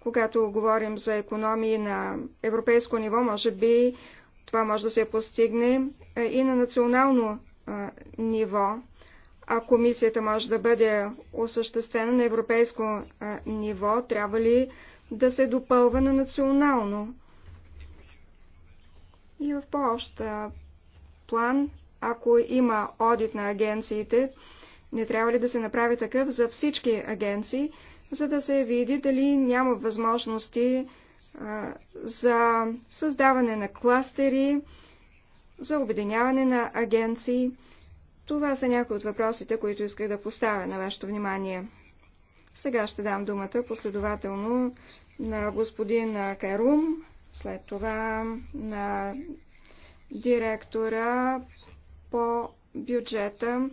Когато говорим за економии на европейско ниво, може би това може да се постигне и на национално а, ниво, а комисията може да бъде осъществена на европейско а, ниво, трябва ли да се допълва на национално? И в по-общ план, ако има одит на агенциите, не трябва ли да се направи такъв за всички агенции, за да се види дали няма възможности а, за създаване на кластери, за обединяване на агенции. Това са някои от въпросите, които исках да поставя на вашето внимание. Сега ще дам думата последователно на господин Карум, след това на директора по бюджета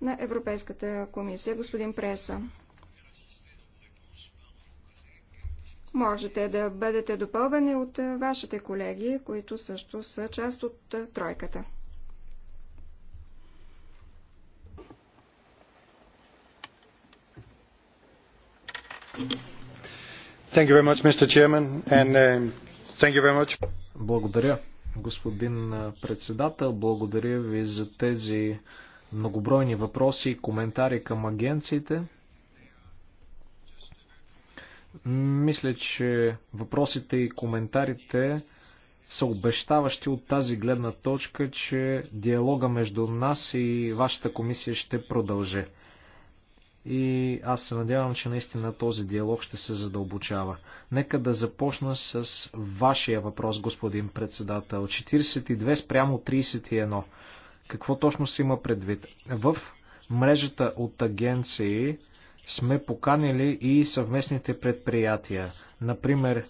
на Европейската комисия, господин Преса. Можете да бъдете допълвани от вашите колеги, които също са част от тройката. Much, And, uh, благодаря господин председател. Благодаря ви за тези многобройни въпроси и коментари към агенциите. Мисля, че въпросите и коментарите са обещаващи от тази гледна точка, че диалога между нас и вашата комисия ще продължи и аз се надявам, че наистина този диалог ще се задълбочава. Нека да започна с вашия въпрос, господин председател. 42 спрямо 31. Какво точно се има предвид? В мрежата от агенции сме поканили и съвместните предприятия. Например,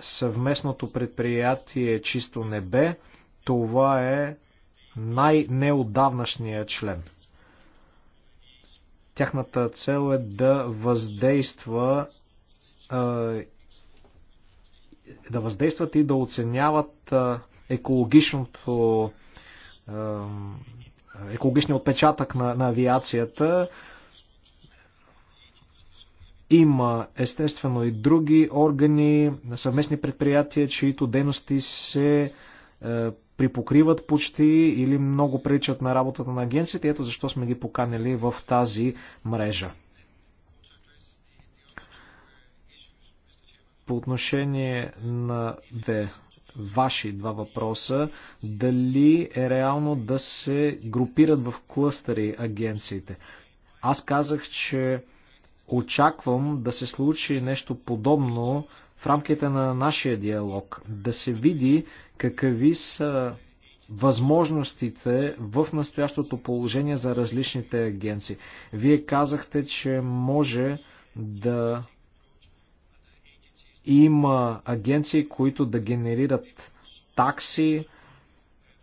съвместното предприятие Чисто небе, това е най-неодавнашният член – Тяхната цел е да въздейства да въздействат и да оценяват екологичното екологичния отпечатък на, на авиацията. Има естествено и други органи, съвместни предприятия, чието дейности се припокриват почти или много приличат на работата на агенцията. Ето защо сме ги поканили в тази мрежа. По отношение на две ваши два въпроса, дали е реално да се групират в клъстери агенциите. Аз казах, че очаквам да се случи нещо подобно в рамките на нашия диалог, да се види какви са възможностите в настоящото положение за различните агенции. Вие казахте, че може да има агенции, които да генерират такси,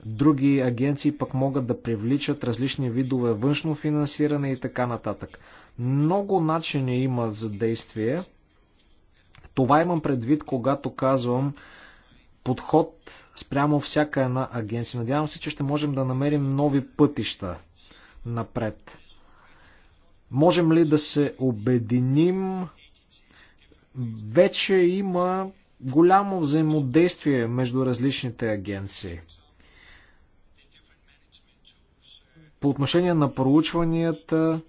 други агенции пък могат да привличат различни видове външно финансиране и така нататък. Много начини има за действие. Това имам предвид, когато казвам подход спрямо всяка една агенция. Надявам се, че ще можем да намерим нови пътища напред. Можем ли да се обединим? Вече има голямо взаимодействие между различните агенции. По отношение на проучванията,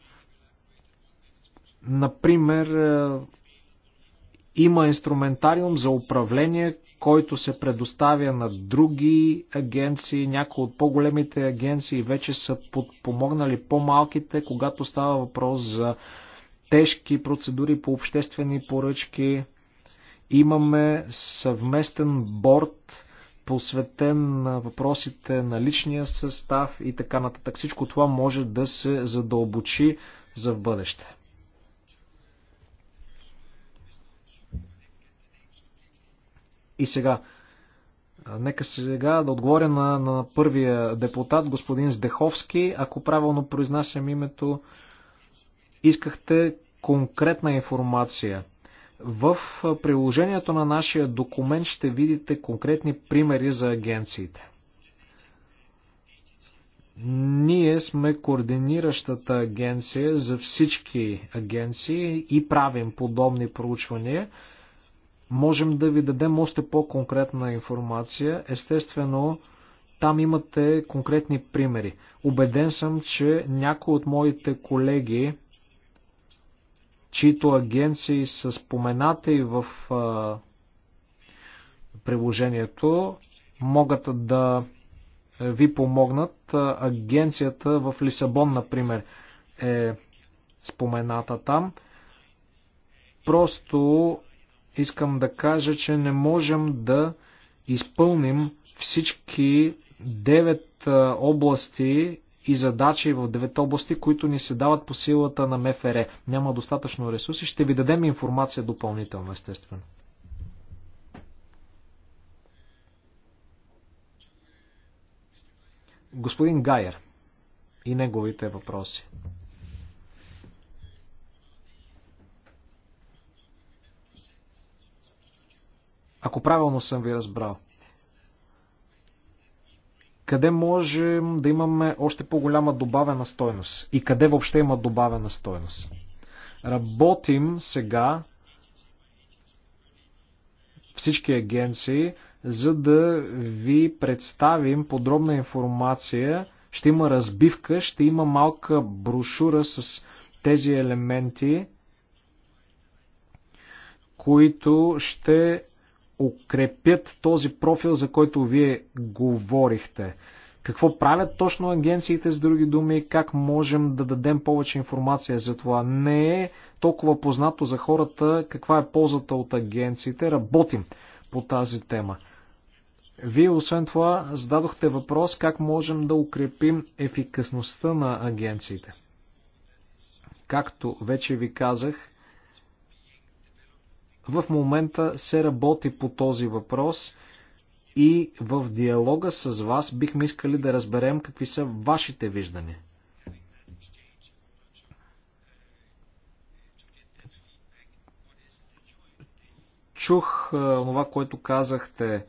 например, има инструментариум за управление, който се предоставя на други агенции. Някои от по-големите агенции вече са подпомогнали по-малките, когато става въпрос за тежки процедури по обществени поръчки. Имаме съвместен борт, посветен на въпросите на личния състав и така нататък. Всичко това може да се задълбочи за в бъдеще. И сега, нека сега да отговоря на, на първия депутат, господин Здеховски. Ако правилно произнасям името, искахте конкретна информация. В приложението на нашия документ ще видите конкретни примери за агенциите. Ние сме координиращата агенция за всички агенции и правим подобни проучвания можем да ви дадем още по-конкретна информация. Естествено, там имате конкретни примери. Обеден съм, че някои от моите колеги, чието агенции са споменати в а, приложението, могат да ви помогнат. Агенцията в Лисабон, например, е спомената там. Просто искам да кажа, че не можем да изпълним всички девет области и задачи в девет области, които ни се дават по силата на МФР. Няма достатъчно ресурси. Ще ви дадем информация допълнително, естествено. Господин Гайер и неговите въпроси. Ако правилно съм ви разбрал. Къде можем да имаме още по-голяма добавена стойност? И къде въобще има добавена стойност? Работим сега всички агенции, за да ви представим подробна информация. Ще има разбивка, ще има малка брошура с тези елементи, които ще укрепят този профил, за който вие говорихте. Какво правят точно агенциите, с други думи, как можем да дадем повече информация за това? Не е толкова познато за хората каква е ползата от агенциите. Работим по тази тема. Вие, освен това, зададохте въпрос как можем да укрепим ефикасността на агенциите. Както вече ви казах, в момента се работи по този въпрос и в диалога с вас бихме искали да разберем какви са вашите виждания. Чух това, което казахте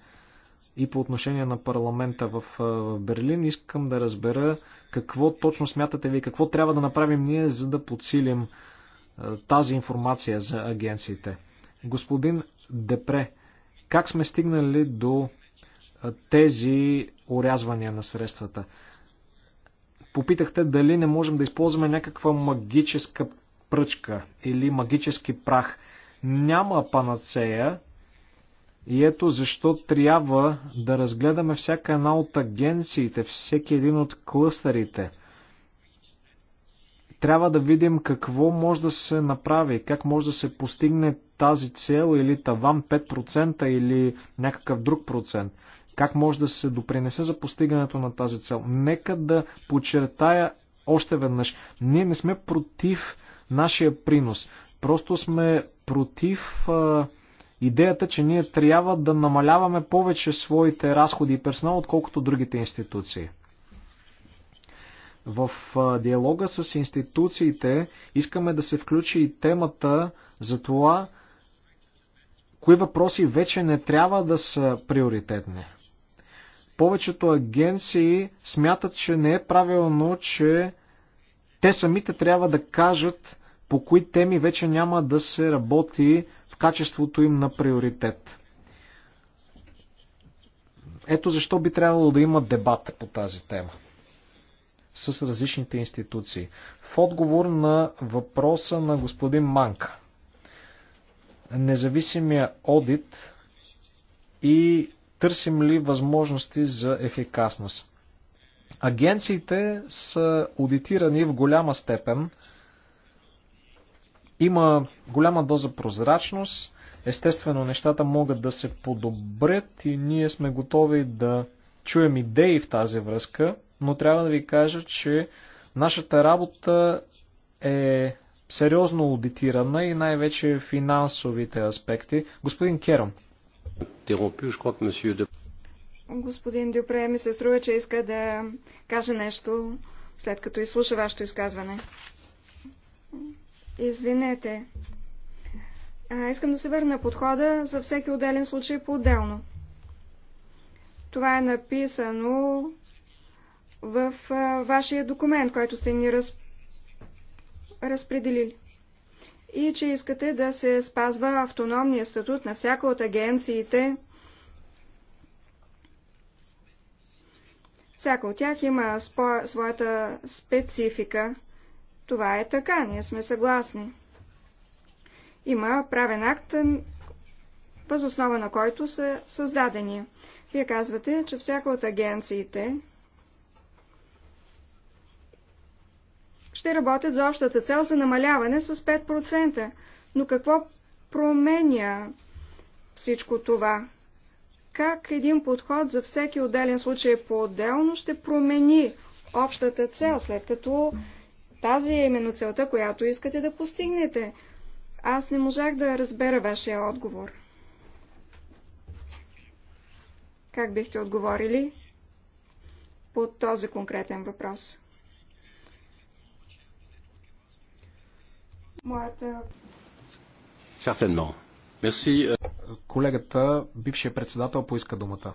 и по отношение на парламента в, в Берлин. Искам да разбера какво точно смятате ви, какво трябва да направим ние, за да подсилим тази информация за агенциите. Господин Депре, как сме стигнали до тези урязвания на средствата? Попитахте дали не можем да използваме някаква магическа пръчка или магически прах. Няма панацея, и ето защо трябва да разгледаме всяка една от агенциите, всеки един от клъстерите – трябва да видим какво може да се направи, как може да се постигне тази цел или таван 5% или някакъв друг процент. Как може да се допринесе за постигането на тази цел? Нека да подчертая още веднъж. Ние не сме против нашия принос. Просто сме против а, идеята, че ние трябва да намаляваме повече своите разходи и персонал, отколкото другите институции. В диалога с институциите искаме да се включи и темата за това, кои въпроси вече не трябва да са приоритетни. Повечето агенции смятат, че не е правилно, че те самите трябва да кажат по кои теми вече няма да се работи в качеството им на приоритет. Ето защо би трябвало да има дебат по тази тема с различните институции. В отговор на въпроса на господин Манка, независимия одит и търсим ли възможности за ефикасност. Агенциите са аудитирани в голяма степен. Има голяма доза прозрачност. Естествено, нещата могат да се подобрят и ние сме готови да чуем идеи в тази връзка но трябва да ви кажа, че нашата работа е сериозно аудитирана и най-вече финансовите аспекти. Господин Керам. Господин Дюпре ми се струва, че иска да каже нещо, след като изслуша вашето изказване. Извинете. А, искам да се върна подхода за всеки отделен случай по-отделно. Това е написано в вашия документ, който сте ни раз... разпределили. И че искате да се спазва автономния статут на всяка от агенциите. Всяка от тях има спо... своята специфика. Това е така, ние сме съгласни. Има правен акт, възоснова на който са създадени. Вие казвате, че всяка от агенциите ще работят за общата цел за намаляване с 5%. Но какво променя всичко това? Как един подход за всеки отделен случай по-отделно ще промени общата цел, след като тази е именно целта, която искате да постигнете? Аз не можах да разбера вашия отговор. Как бихте отговорили по този конкретен въпрос? Моята... Certainement. Merci. Euh, Колегата, бившия председател, поиска думата.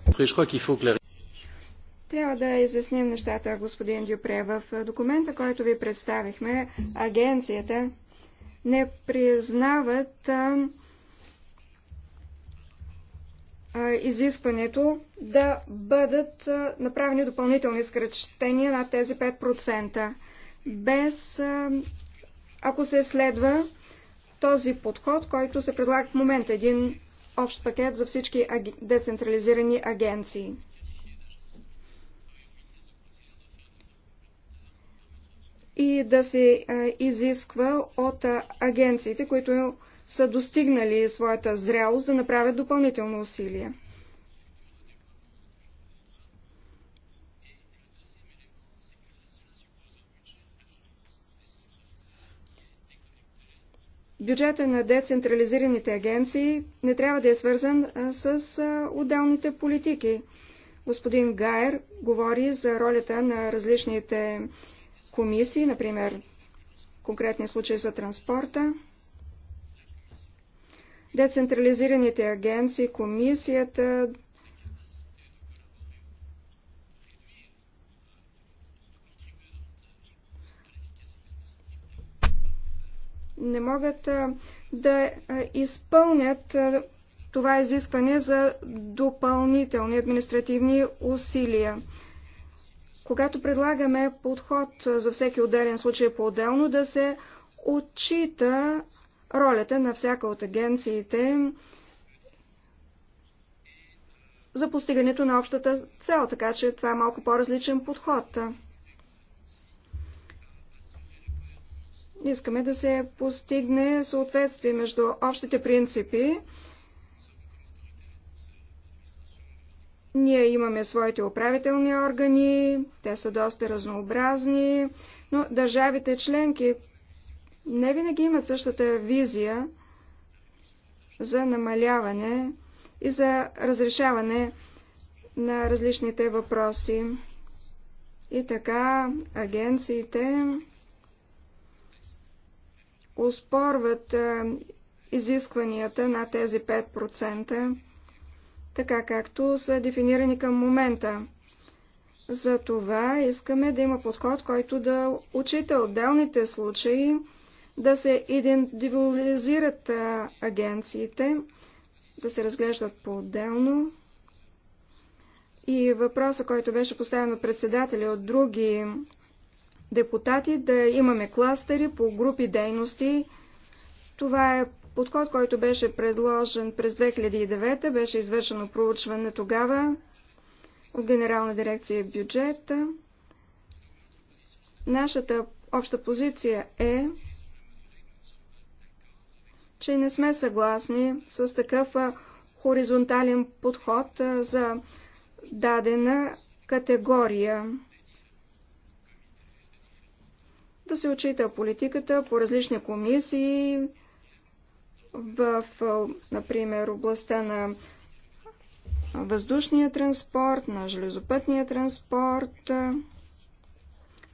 Трябва да изясним нещата, господин Дюпре. В е, документа, който ви представихме, агенцията не признават а, е, а, е, изискването да бъдат а, направени допълнителни скръчтения на тези 5%, без а, ако се следва този подход, който се предлага в момента, един общ пакет за всички децентрализирани агенции. И да се изисква от агенциите, които са достигнали своята зрялост, да направят допълнително усилие. бюджета на децентрализираните агенции не трябва да е свързан с отделните политики. Господин Гайер говори за ролята на различните комисии, например конкретния случай за транспорта. Децентрализираните агенции, комисията, не могат да изпълнят това изискване за допълнителни административни усилия. Когато предлагаме подход за всеки отделен случай по-отделно, да се отчита ролята на всяка от агенциите за постигането на общата цел, така че това е малко по-различен подход. Искаме да се постигне съответствие между общите принципи. Ние имаме своите управителни органи, те са доста разнообразни, но държавите членки не винаги имат същата визия за намаляване и за разрешаване на различните въпроси. И така агенциите Оспорват е, изискванията на тези 5%, така както са дефинирани към момента. За това искаме да има подход, който да учите отделните случаи, да се идентифицират е, агенциите, да се разглеждат по-отделно. И въпроса, който беше поставен от председателя от други депутати, да имаме кластери по групи дейности. Това е подход, който беше предложен през 2009, беше извършено проучване тогава от Генерална дирекция бюджет. Нашата обща позиция е, че не сме съгласни с такъв хоризонтален подход за дадена категория да се отчита политиката по различни комисии в, например, областта на въздушния транспорт, на железопътния транспорт,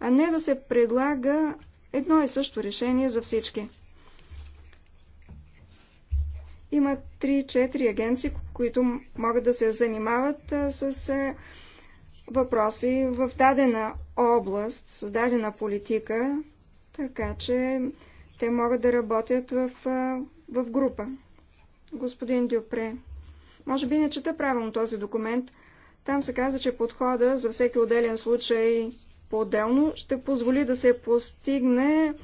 а не да се предлага едно и също решение за всички. Има 3-4 агенции, които могат да се занимават с въпроси в дадена област, създадена политика, така че те могат да работят в, в група. Господин Дюпре, може би не чета правилно този документ. Там се казва, че подхода за всеки отделен случай по-отделно ще позволи да се постигне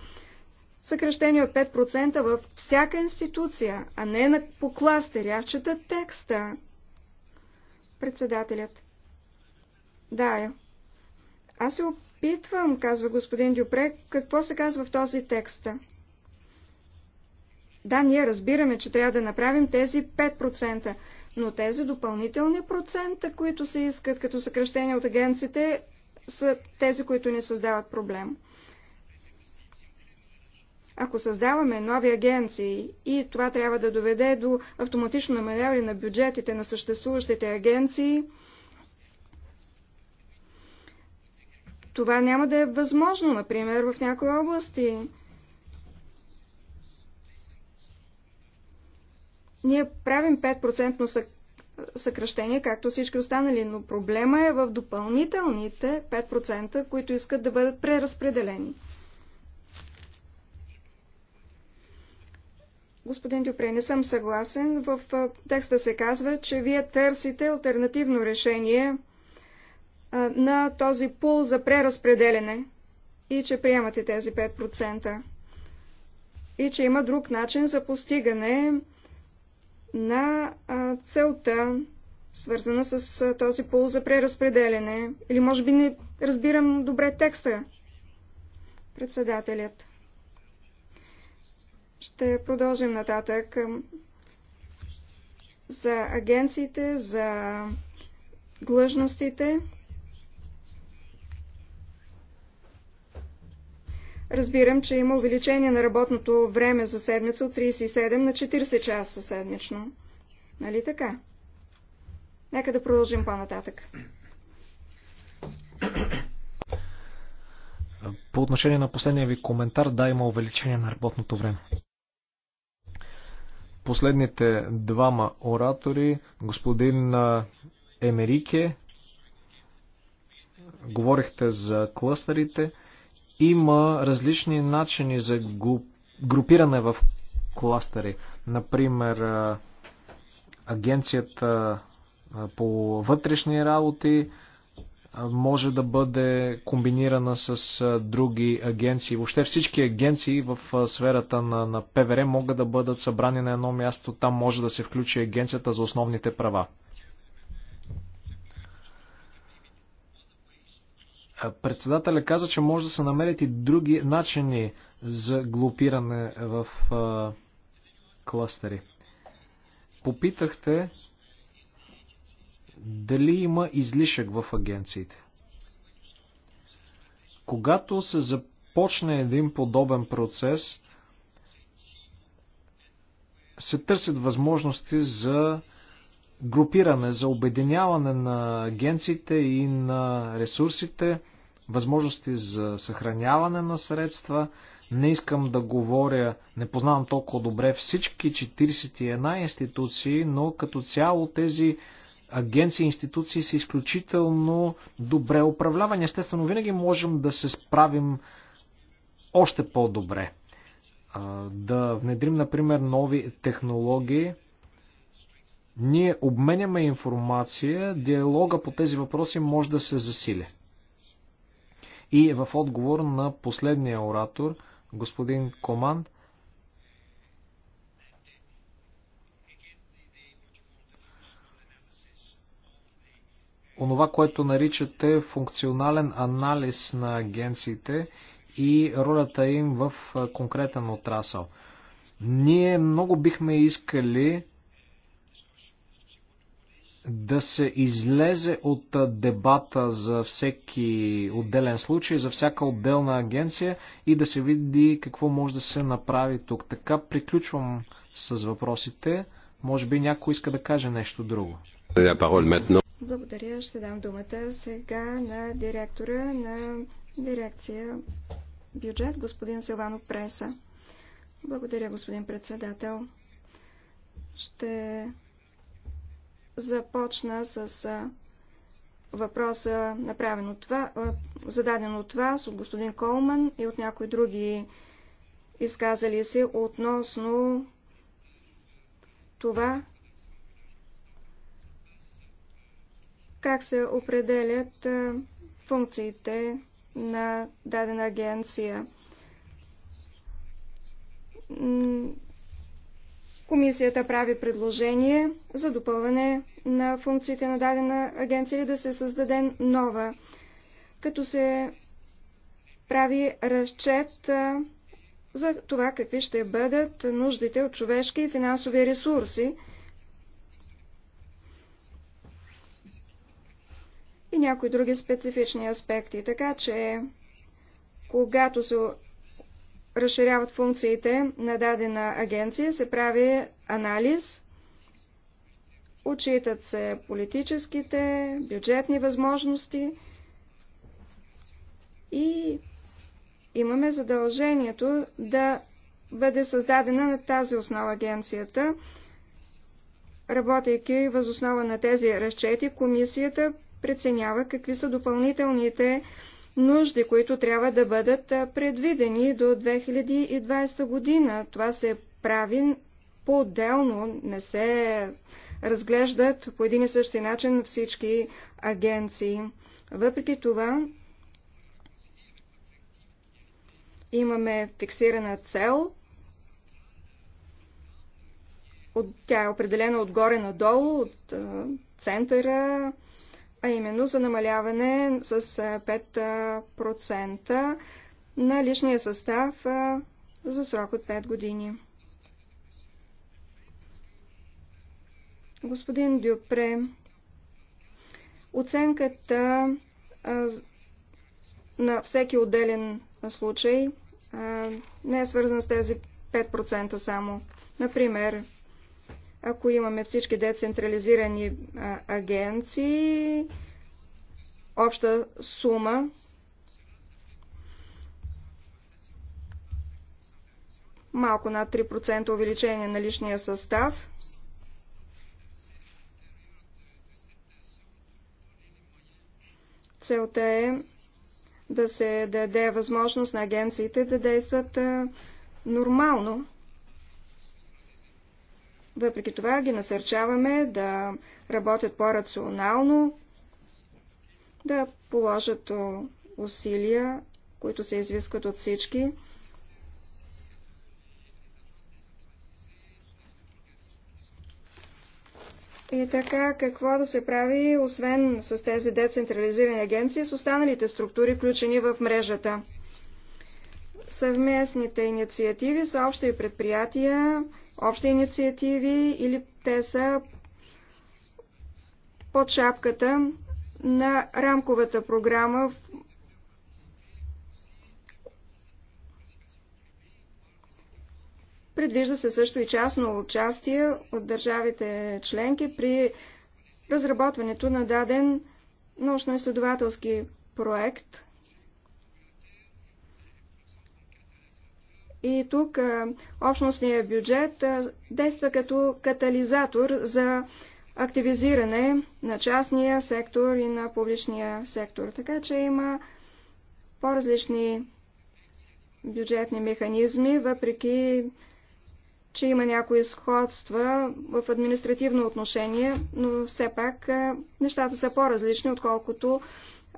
съкръщение от 5% във всяка институция, а не на, по Аз чета текста. Председателят. Да, аз се опитвам, казва господин Дюпре, какво се казва в този текст. Да, ние разбираме, че трябва да направим тези 5%, но тези допълнителни процента, които се искат като съкръщение от агенците, са тези, които не създават проблем. Ако създаваме нови агенции и това трябва да доведе до автоматично намаляване на бюджетите на съществуващите агенции, Това няма да е възможно, например, в някои области. Ние правим 5% съкръщение, както всички останали, но проблема е в допълнителните 5%, които искат да бъдат преразпределени. Господин Дюпре, не съм съгласен. В текста се казва, че вие търсите альтернативно решение – на този пул за преразпределене и че приемате тези 5%. И че има друг начин за постигане на целта, свързана с този пул за преразпределене. Или може би не разбирам добре текста. Председателят. Ще продължим нататък за агенциите, за длъжностите. Разбирам, че има увеличение на работното време за седмица от 37 на 40 часа седмично. Нали така? Нека да продължим по-нататък. По отношение на последния ви коментар, да, има увеличение на работното време. Последните двама оратори, господин Емерике, говорихте за клъстерите. Има различни начини за групиране в кластери. Например, агенцията по вътрешни работи може да бъде комбинирана с други агенции. Въобще всички агенции в сферата на, на ПВР могат да бъдат събрани на едно място. Там може да се включи агенцията за основните права. Председателя каза, че може да се намерят и други начини за глупиране в а, кластери. Попитахте дали има излишък в агенциите. Когато се започне един подобен процес, се търсят възможности за групиране, за обединяване на агенциите и на ресурсите, възможности за съхраняване на средства. Не искам да говоря, не познавам толкова добре всички 41 институции, но като цяло тези агенции и институции са изключително добре управлявани. Естествено, винаги можем да се справим още по-добре. Да внедрим, например, нови технологии, ние обменяме информация, диалога по тези въпроси може да се засили. И е в отговор на последния оратор, господин Коман, онова, което наричате функционален анализ на агенциите и ролята им в конкретен отрасъл. Ние много бихме искали да се излезе от дебата за всеки отделен случай, за всяка отделна агенция и да се види какво може да се направи тук. Така приключвам с въпросите. Може би някой иска да каже нещо друго. Благодаря. Ще дам думата сега на директора на дирекция бюджет, господин Силвано Преса. Благодаря, господин председател. Ще започна с въпроса, направен от това, зададен от вас, от господин Колман и от някои други изказали се относно това, как се определят функциите на дадена агенция Комисията прави предложение за допълване на функциите на дадена агенция или да се създаде нова, като се прави разчет за това какви ще бъдат нуждите от човешки и финансови ресурси и някои други специфични аспекти. Така че, когато се разширяват функциите на дадена агенция, се прави анализ, отчитат се политическите, бюджетни възможности и имаме задължението да бъде създадена на тази основа агенцията. Работейки възоснова на тези разчети, комисията преценява какви са допълнителните нужди, които трябва да бъдат предвидени до 2020 година. Това се прави по-отделно, не се разглеждат по един и същи начин всички агенции. Въпреки това, имаме фиксирана цел. От, тя е определена отгоре надолу, от центъра а именно за намаляване с 5% на личния състав за срок от 5 години. Господин Дюпре, оценката на всеки отделен случай не е свързана с тези 5% само. Например, ако имаме всички децентрализирани агенции, обща сума малко над 3% увеличение на личния състав. Целта е да се даде възможност на агенциите да действат нормално. Въпреки това ги насърчаваме да работят по-рационално, да положат усилия, които се изискват от всички. И така, какво да се прави, освен с тези децентрализирани агенции, с останалите структури, включени в мрежата? Съвместните инициативи са общи предприятия, общи инициативи или те са под шапката на рамковата програма в. Предвижда се също и частно участие от държавите членки при разработването на даден научно-изследователски проект – И тук общностният бюджет действа като катализатор за активизиране на частния сектор и на публичния сектор. Така че има по-различни бюджетни механизми, въпреки че има някои сходства в административно отношение, но все пак нещата са по-различни, отколкото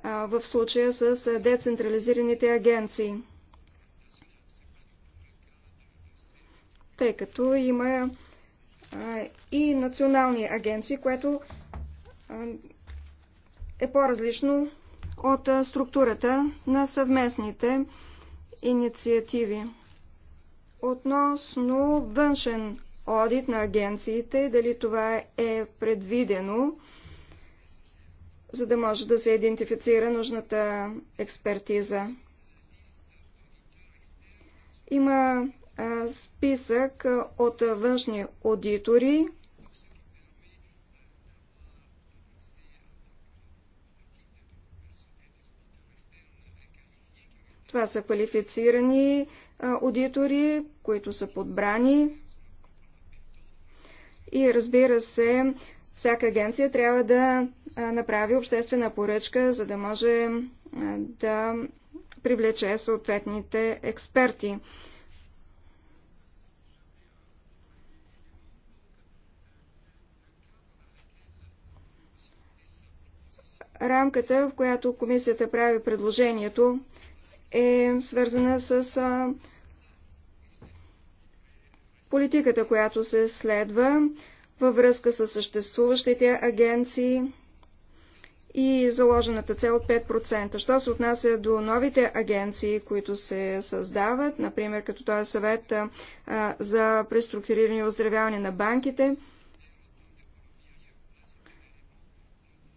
в случая с децентрализираните агенции. тъй като има и национални агенции, което е по-различно от структурата на съвместните инициативи. Относно външен одит на агенциите, дали това е предвидено, за да може да се идентифицира нужната експертиза. Има списък от външни аудитори, Това са квалифицирани аудитори, които са подбрани. И разбира се, всяка агенция трябва да направи обществена поръчка, за да може да привлече съответните експерти. Рамката, в която комисията прави предложението, е свързана с политиката, която се следва във връзка с съществуващите агенции и заложената цел от 5%. Що се отнася до новите агенции, които се създават, например като този съвет а, за преструктуриране и оздравяване на банките,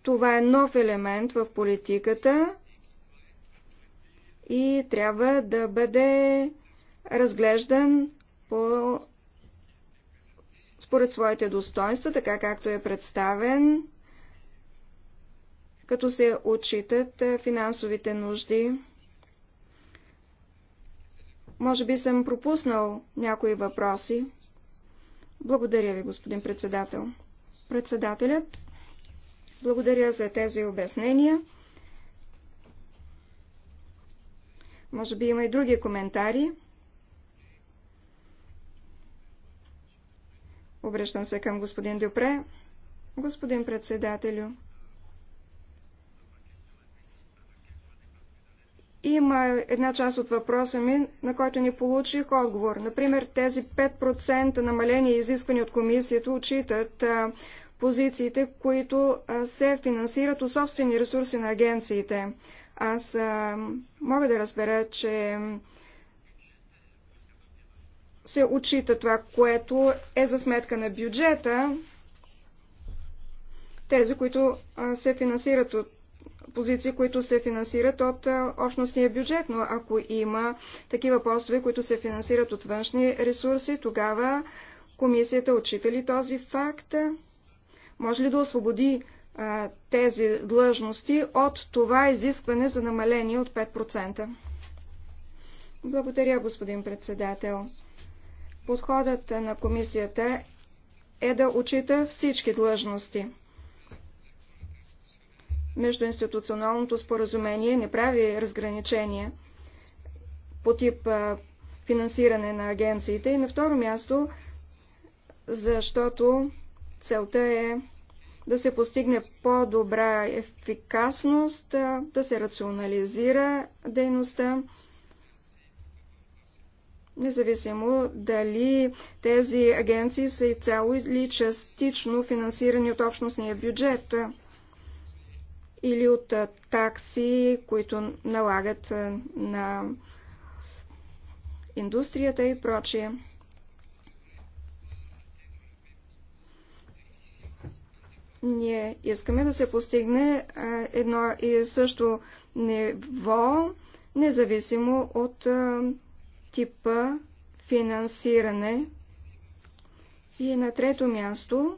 Това е нов елемент в политиката и трябва да бъде разглеждан по според своите достоинства, така както е представен, като се отчитат е, финансовите нужди. Може би съм пропуснал някои въпроси. Благодаря ви, господин председател. Председателят благодаря за тези обяснения. Може би има и други коментари. Обръщам се към господин Дюпре. Господин председателю, има една част от въпроса ми, на който не получих отговор. Например, тези 5% намаления изисквани от комисията учитат позициите, които се финансират от собствени ресурси на агенциите. Аз а, мога да разбера, че се отчита това, което е за сметка на бюджета, тези, които а, се финансират от позиции, които се финансират от а, общностния бюджет, но ако има такива постове, които се финансират от външни ресурси, тогава комисията отчита ли този факт? може ли да освободи а, тези длъжности от това изискване за намаление от 5%? Благодаря, господин председател. Подходът на комисията е да очита всички длъжности. Междуинституционалното споразумение не прави разграничение по тип а, финансиране на агенциите и на второ място, защото Целта е да се постигне по-добра ефикасност, да се рационализира дейността, независимо дали тези агенции са и цяло или частично финансирани от общностния бюджет или от такси, които налагат на индустрията и прочие. Ние искаме да се постигне едно и също ниво, независимо от типа финансиране. И на трето място,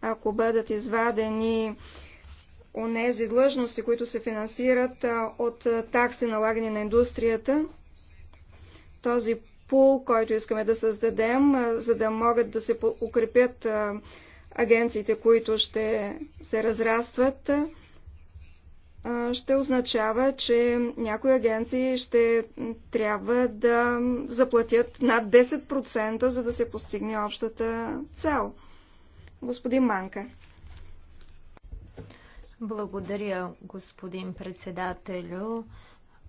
ако бъдат извадени онези длъжности, които се финансират от такси налагани на индустрията, този пул, който искаме да създадем, за да могат да се укрепят агенциите, които ще се разрастват, ще означава, че някои агенции ще трябва да заплатят над 10%, за да се постигне общата цел. Господин Манка. Благодаря, господин председателю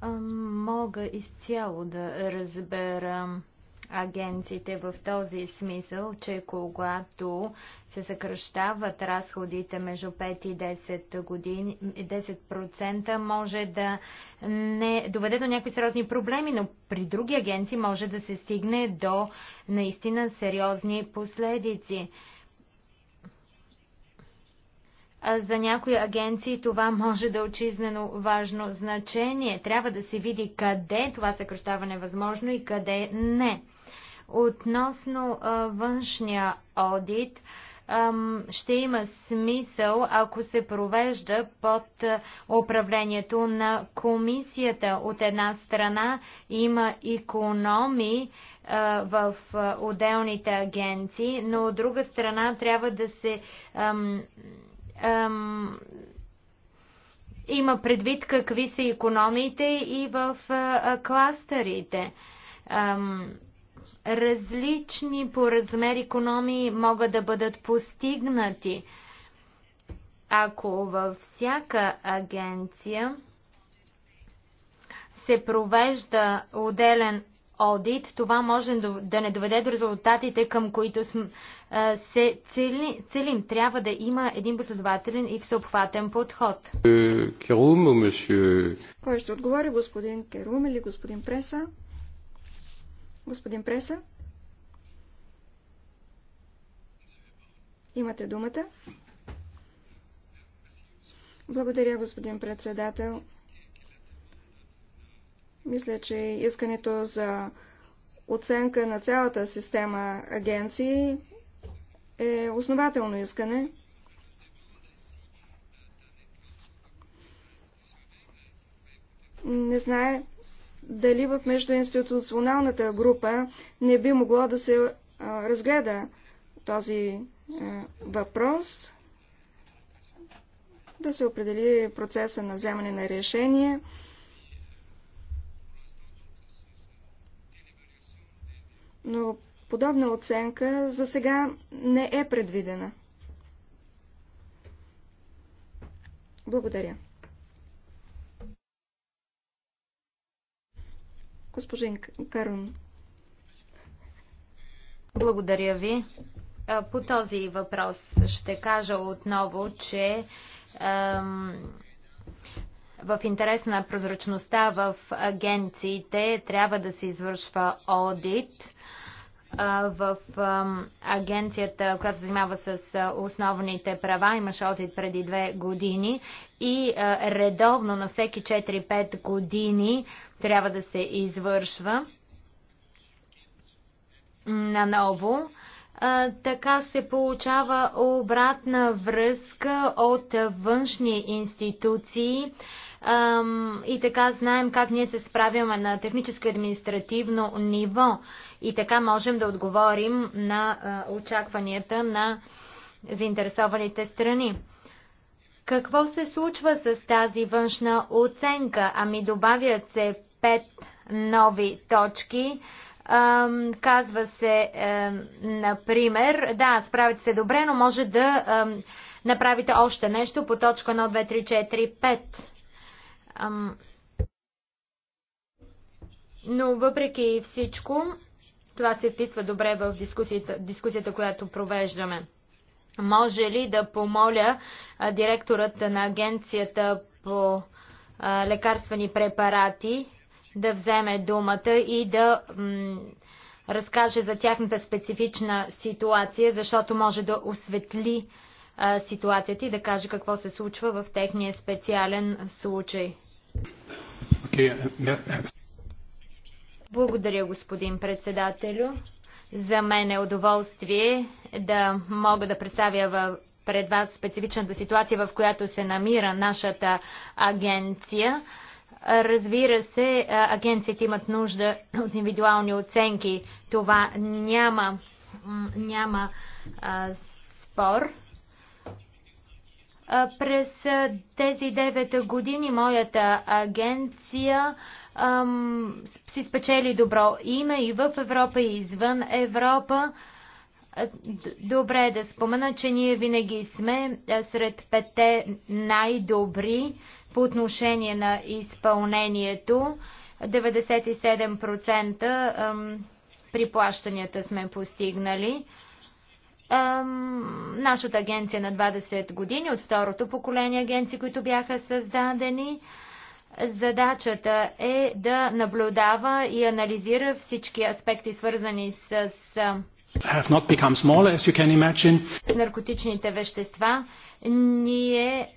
мога изцяло да разбера агенците в този смисъл, че когато се съкръщават разходите между 5 и 10 години, 10% може да не доведе до някакви сериозни проблеми, но при други агенции може да се стигне до наистина сериозни последици. За някои агенции това може да е очизнено важно значение. Трябва да се види къде това съкръщаване е възможно и къде не. Относно външния одит, ще има смисъл, ако се провежда под управлението на комисията. От една страна има економи в отделните агенции, но от друга страна трябва да се ам, има предвид какви са економиите и в а, кластерите. Ам, различни по размер економии могат да бъдат постигнати, ако във всяка агенция се провежда отделен одит, това може да не доведе до резултатите, към които се целим. Трябва да има един последователен и всеобхватен подход. Кой ще отговори, господин Керум или господин Преса? Господин Преса? Имате думата. Благодаря, господин председател. Мисля, че искането за оценка на цялата система агенции е основателно искане. Не знае дали в междуинституционалната група не би могло да се разгледа този въпрос, да се определи процеса на вземане на решения. но подобна оценка за сега не е предвидена. Благодаря. Госпожин Карун. Благодаря ви. По този въпрос ще кажа отново, че в интерес на прозрачността в агенциите трябва да се извършва одит в агенцията, която се занимава с основните права, имаше одит преди две години и редовно на всеки 4-5 години трябва да се извършва наново. Така се получава обратна връзка от външни институции, и така знаем как ние се справяме на техническо и административно ниво. И така можем да отговорим на очакванията на заинтересованите страни. Какво се случва с тази външна оценка? Ами добавят се пет нови точки. Казва се, е, например, да, справите се добре, но може да направите още нещо по точка 1, 2, 3, 4, 5. Ам... Но въпреки всичко, това се вписва добре в дискусията, дискусията която провеждаме. Може ли да помоля а, директорът на агенцията по а, лекарствени препарати да вземе думата и да разкаже за тяхната специфична ситуация, защото може да осветли а, ситуацията и да каже какво се случва в техния специален случай. Благодаря, господин председателю. За мен е удоволствие да мога да представя пред вас специфичната ситуация, в която се намира нашата агенция. Разбира се, агенциите имат нужда от индивидуални оценки. Това няма, няма а, спор. През тези 9 години моята агенция ам, си спечели добро име и в Европа, и извън Европа. Добре е да спомена, че ние винаги сме сред пете най-добри по отношение на изпълнението. 97% при плащанията сме постигнали. Ам, нашата агенция на 20 години, от второто поколение агенции, които бяха създадени, задачата е да наблюдава и анализира всички аспекти, свързани с, с наркотичните вещества ние е,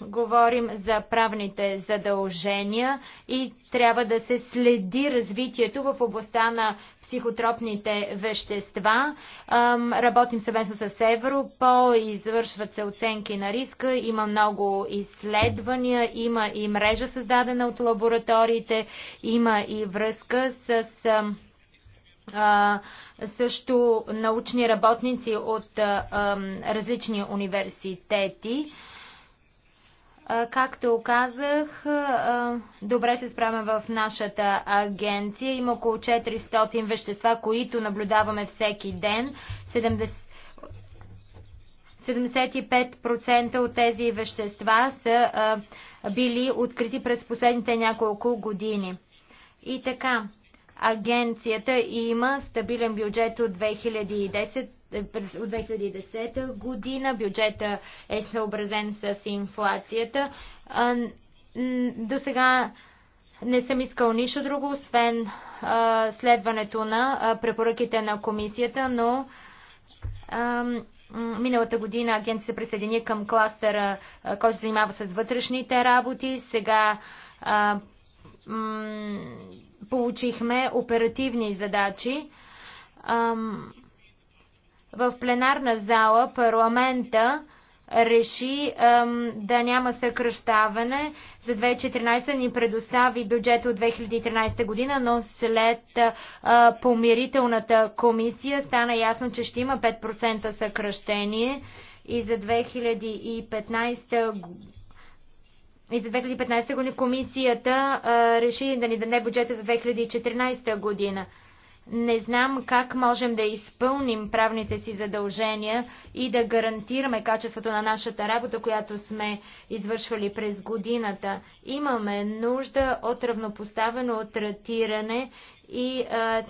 говорим за правните задължения и трябва да се следи развитието в областта на психотропните вещества. Е, работим съвместно с Европол, извършват се оценки на риска, има много изследвания, има и мрежа създадена от лабораториите, има и връзка с. Е, също научни работници от различни университети. както казах, добре се справяме в нашата агенция. Има около 400 вещества, които наблюдаваме всеки ден. 75% от тези вещества са били открити през последните няколко години. И така, Агенцията има стабилен бюджет от 2010 е, от 2010 година. Бюджета е съобразен с инфлацията. До сега не съм искал нищо друго, освен а, следването на а, препоръките на комисията, но а, миналата година агент се присъедини към кластера, а, който се занимава с вътрешните работи. Сега а, получихме оперативни задачи. В пленарна зала парламента реши да няма съкръщаване. За 2014 ни предостави бюджет от 2013 година, но след помирителната комисия стана ясно, че ще има 5% съкръщение и за 2015 година и за 2015 година комисията а, реши да ни даде бюджета за 2014 година. Не знам как можем да изпълним правните си задължения и да гарантираме качеството на нашата работа, която сме извършвали през годината. Имаме нужда от равнопоставено от и а,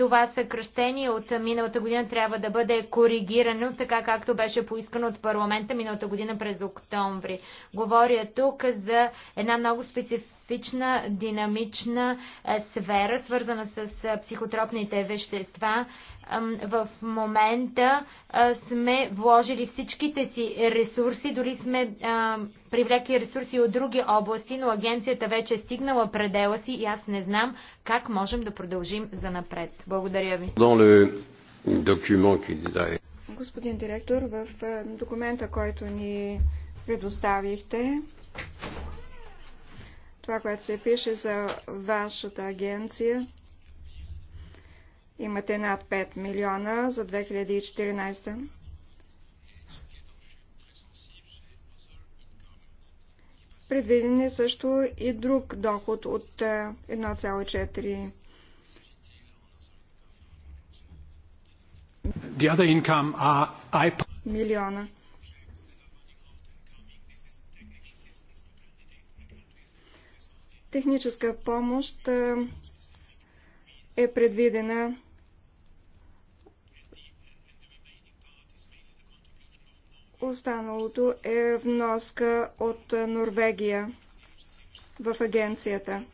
това съкръщение от миналата година трябва да бъде коригирано, така както беше поискано от парламента миналата година през октомври. Говоря тук за една много специфична, динамична е, сфера, свързана с е, психотропните вещества. В момента е, сме вложили всичките си ресурси, дори сме привлекли ресурси от други области, но агенцията вече е стигнала предела си и аз не знам как можем да продължим за напред. Благодаря ви. Господин директор, в е, документа, който ни предоставихте, това, което се пише за вашата агенция, имате над 5 милиона за 2014. Предвиден е също и друг доход от 1,4 е, the other income are Милиона. Техническа помощ е предвидена Останалото е вноска от Норвегия в агенцията.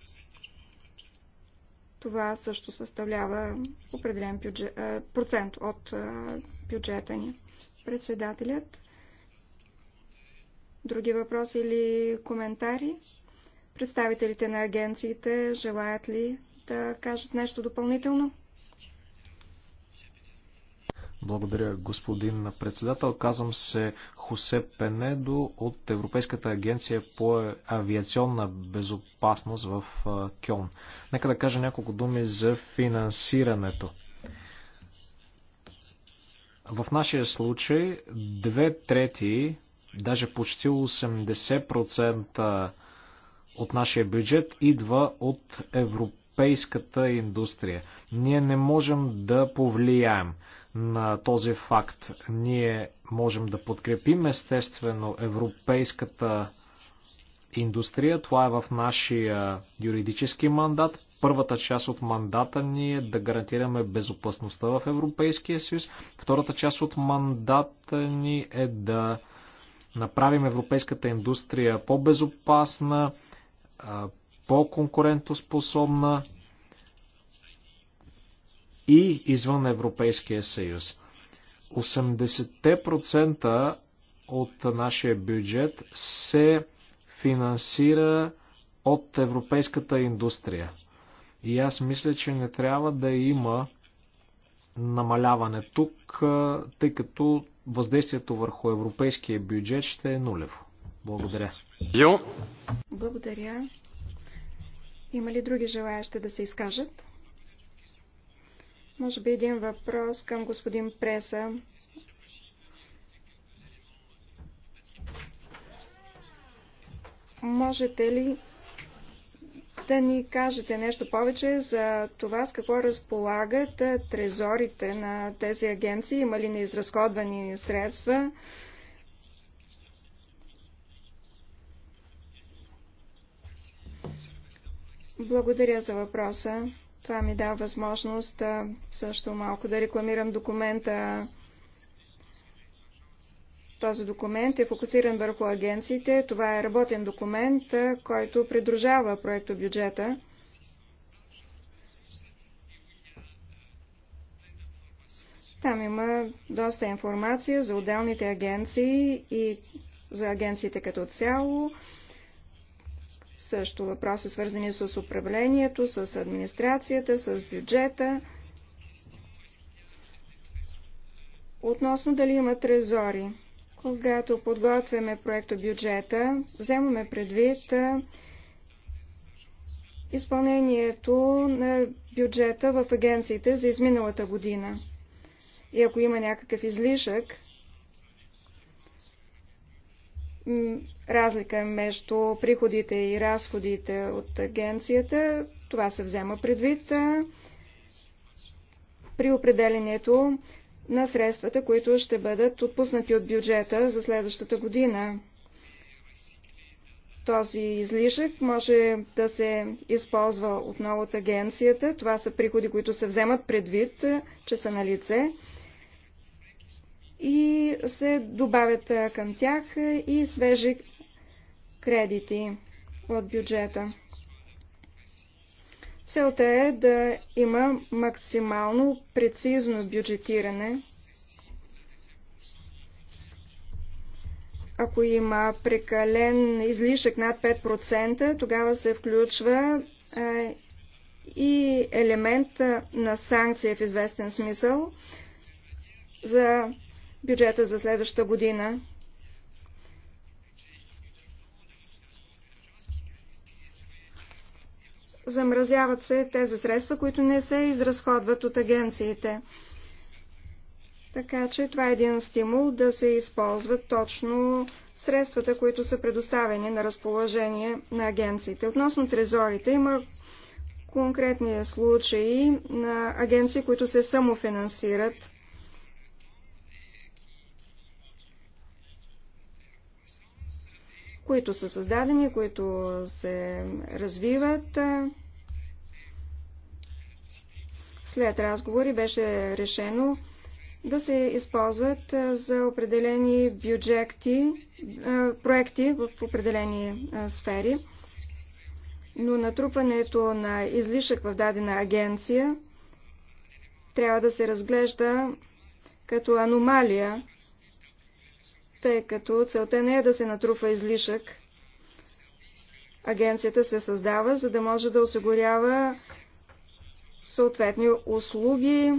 Това също съставлява определен бюджет, процент от бюджета ни. Председателят. Други въпроси или коментари? Представителите на агенциите желаят ли да кажат нещо допълнително? Благодаря, господин председател. Казвам се Хосе Пенедо от Европейската агенция по авиационна безопасност в Кьон. Нека да кажа няколко думи за финансирането. В нашия случай две трети, даже почти 80% от нашия бюджет идва от европейската индустрия. Ние не можем да повлияем на този факт. Ние можем да подкрепим естествено европейската индустрия. Това е в нашия юридически мандат. Първата част от мандата ни е да гарантираме безопасността в Европейския съюз. Втората част от мандата ни е да направим европейската индустрия по-безопасна, по-конкурентоспособна и извън Европейския съюз. 80% от нашия бюджет се финансира от европейската индустрия. И аз мисля, че не трябва да има намаляване тук, тъй като въздействието върху европейския бюджет ще е нулево. Благодаря. Благодаря. Има ли други желаящи да се изкажат? Може би един въпрос към господин Преса. Можете ли да ни кажете нещо повече за това с какво разполагат трезорите на тези агенции? Има ли неизразходвани средства? Благодаря за въпроса. Това ми дава възможност също малко да рекламирам документа. Този документ е фокусиран върху агенциите. Това е работен документ, който придружава проекто бюджета. Там има доста информация за отделните агенции и за агенциите като цяло също въпроси свързани с управлението, с администрацията, с бюджета. Относно дали има трезори. Когато подготвяме проекто бюджета, вземаме предвид изпълнението на бюджета в агенциите за изминалата година. И ако има някакъв излишък, разлика между приходите и разходите от агенцията. Това се взема предвид при определението на средствата, които ще бъдат отпуснати от бюджета за следващата година. Този излишък може да се използва отново от агенцията. Това са приходи, които се вземат предвид, че са на лице и се добавят към тях и свежи кредити от бюджета. Целта е да има максимално прецизно бюджетиране. Ако има прекален излишък над 5%, тогава се включва е, и елемент на санкция в известен смисъл за бюджета за следващата година. замразяват се тези средства, които не се изразходват от агенциите. Така че това е един стимул да се използват точно средствата, които са предоставени на разположение на агенциите. Относно трезорите има конкретни случаи на агенции, които се самофинансират. които са създадени, които се развиват. След разговори беше решено да се използват за определени бюджети, проекти в определени сфери, но натрупването на излишък в дадена агенция трябва да се разглежда като аномалия тъй като целта не е да се натрупва излишък. Агенцията се създава, за да може да осигурява съответни услуги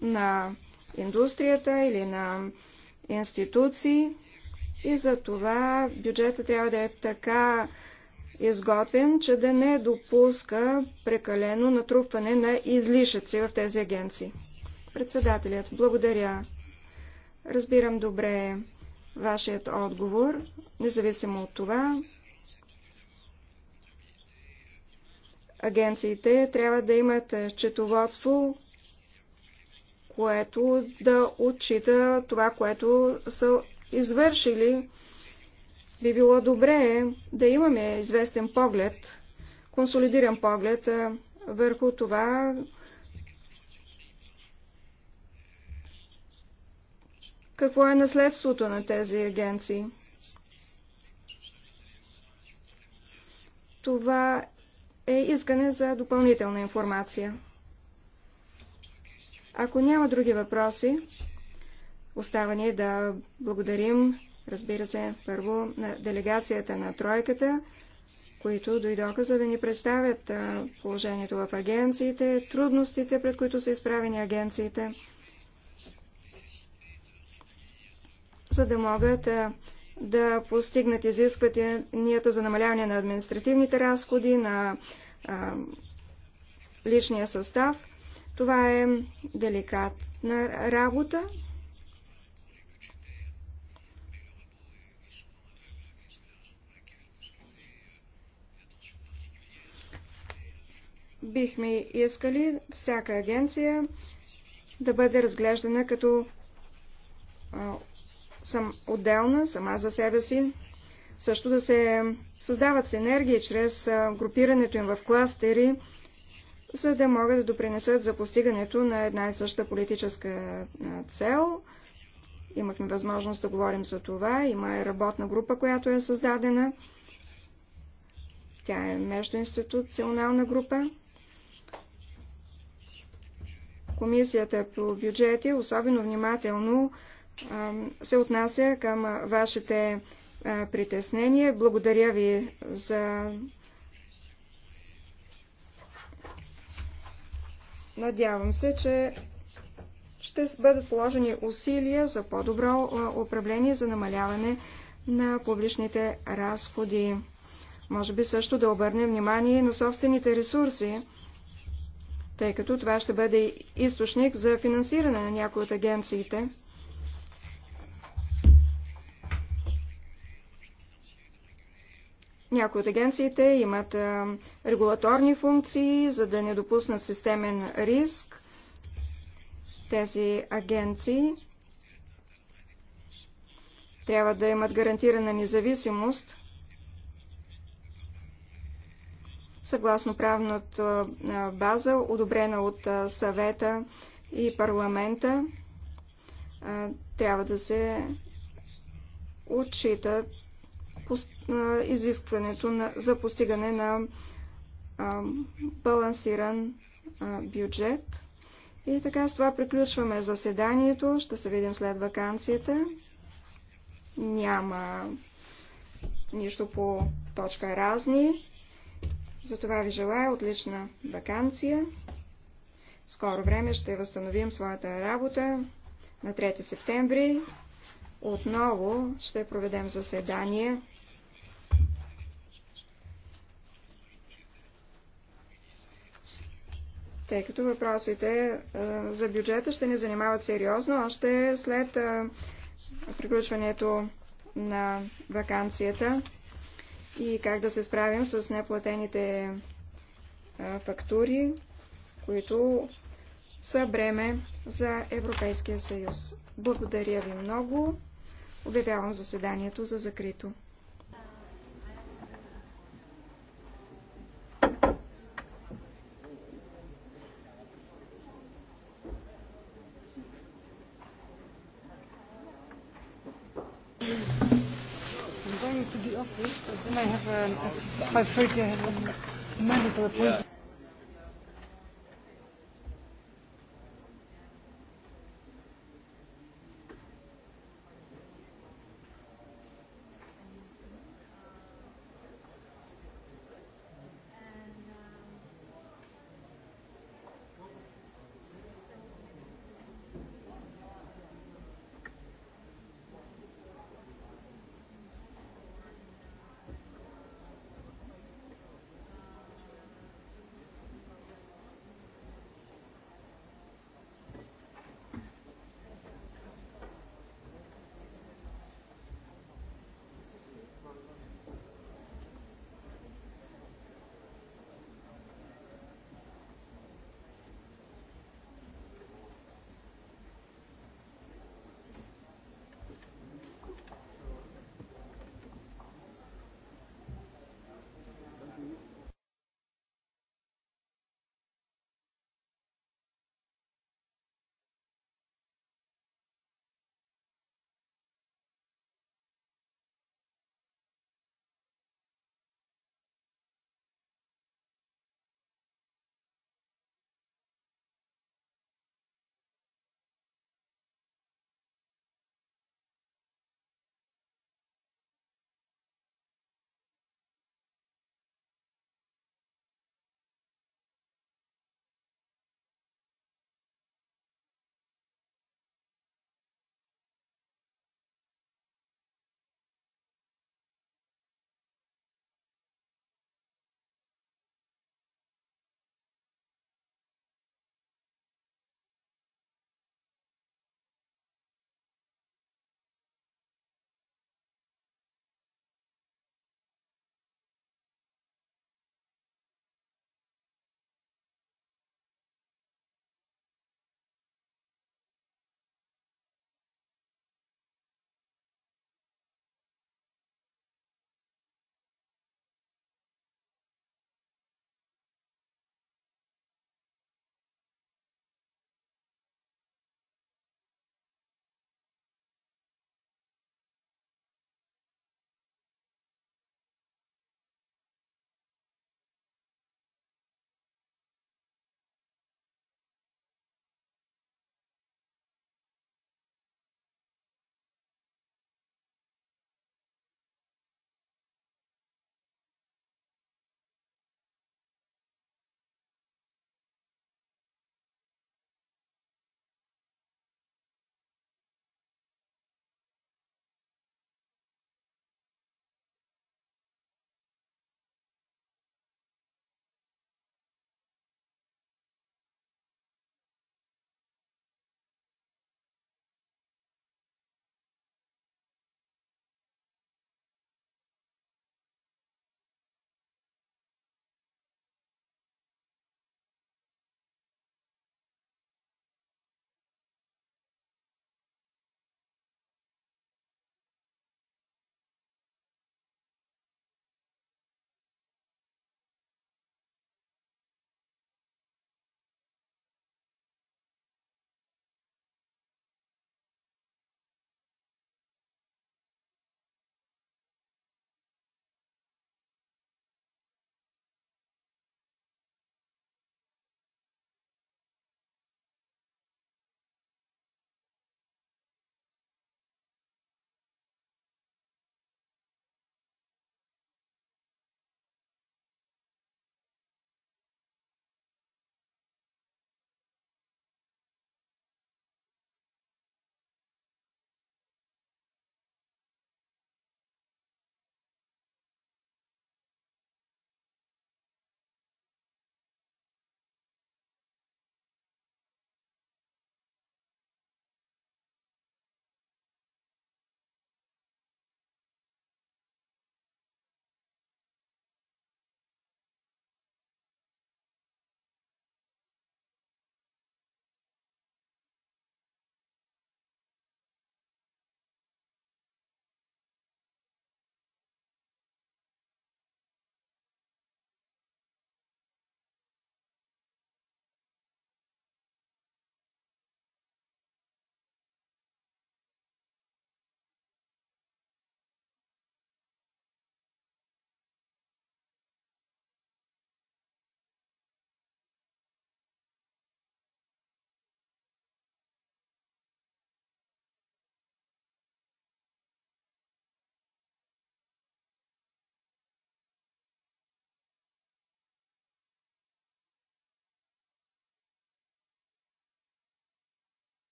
на индустрията или на институции и за това бюджета трябва да е така изготвен, че да не допуска прекалено натрупване на излишъци в тези агенции. Председателят, благодаря. Разбирам добре вашият отговор, независимо от това, агенциите трябва да имат четоводство, което да отчита това, което са извършили. Би било добре да имаме известен поглед, консолидиран поглед върху това, Какво е наследството на тези агенции? Това е искане за допълнителна информация. Ако няма други въпроси, остава ни да благодарим, разбира се, първо на делегацията на тройката, които дойдоха за да ни представят положението в агенциите, трудностите, пред които са изправени агенциите. за да могат е, да постигнат изискванията за намаляване на административните разходи, на е, личния състав. Това е деликатна работа. Бихме искали всяка агенция да бъде разглеждана като е, сам, отделна, сама за себе си. Също да се създават синергии чрез групирането им в кластери, за да могат да допринесат за постигането на една и съща политическа цел. Имахме възможност да говорим за това. Има и работна група, която е създадена. Тя е междуинституционална група. Комисията по бюджети особено внимателно се отнася към вашите притеснения. Благодаря ви за Надявам се, че ще бъдат положени усилия за по-добро управление, за намаляване на публичните разходи. Може би също да обърнем внимание на собствените ресурси, тъй като това ще бъде източник за финансиране на някои от агенциите. Някои от агенциите имат е, регулаторни функции, за да не допуснат системен риск. Тези агенции трябва да имат гарантирана независимост съгласно правната е, база, одобрена от е, съвета и парламента. Трябва да се отчитат изискването на, за постигане на а, балансиран а, бюджет. И така с това приключваме заседанието. Ще се видим след вакансията. Няма нищо по точка разни. Затова ви желая отлична вакансия. Скоро време ще възстановим своята работа на 3 септември. Отново ще проведем заседание. Тъй като въпросите е, за бюджета ще ни занимават сериозно, още след е, приключването на вакансията и как да се справим с неплатените е, фактури, които са бреме за Европейския съюз. Благодаря ви много. Обявявам заседанието за закрито. If I uh, forget.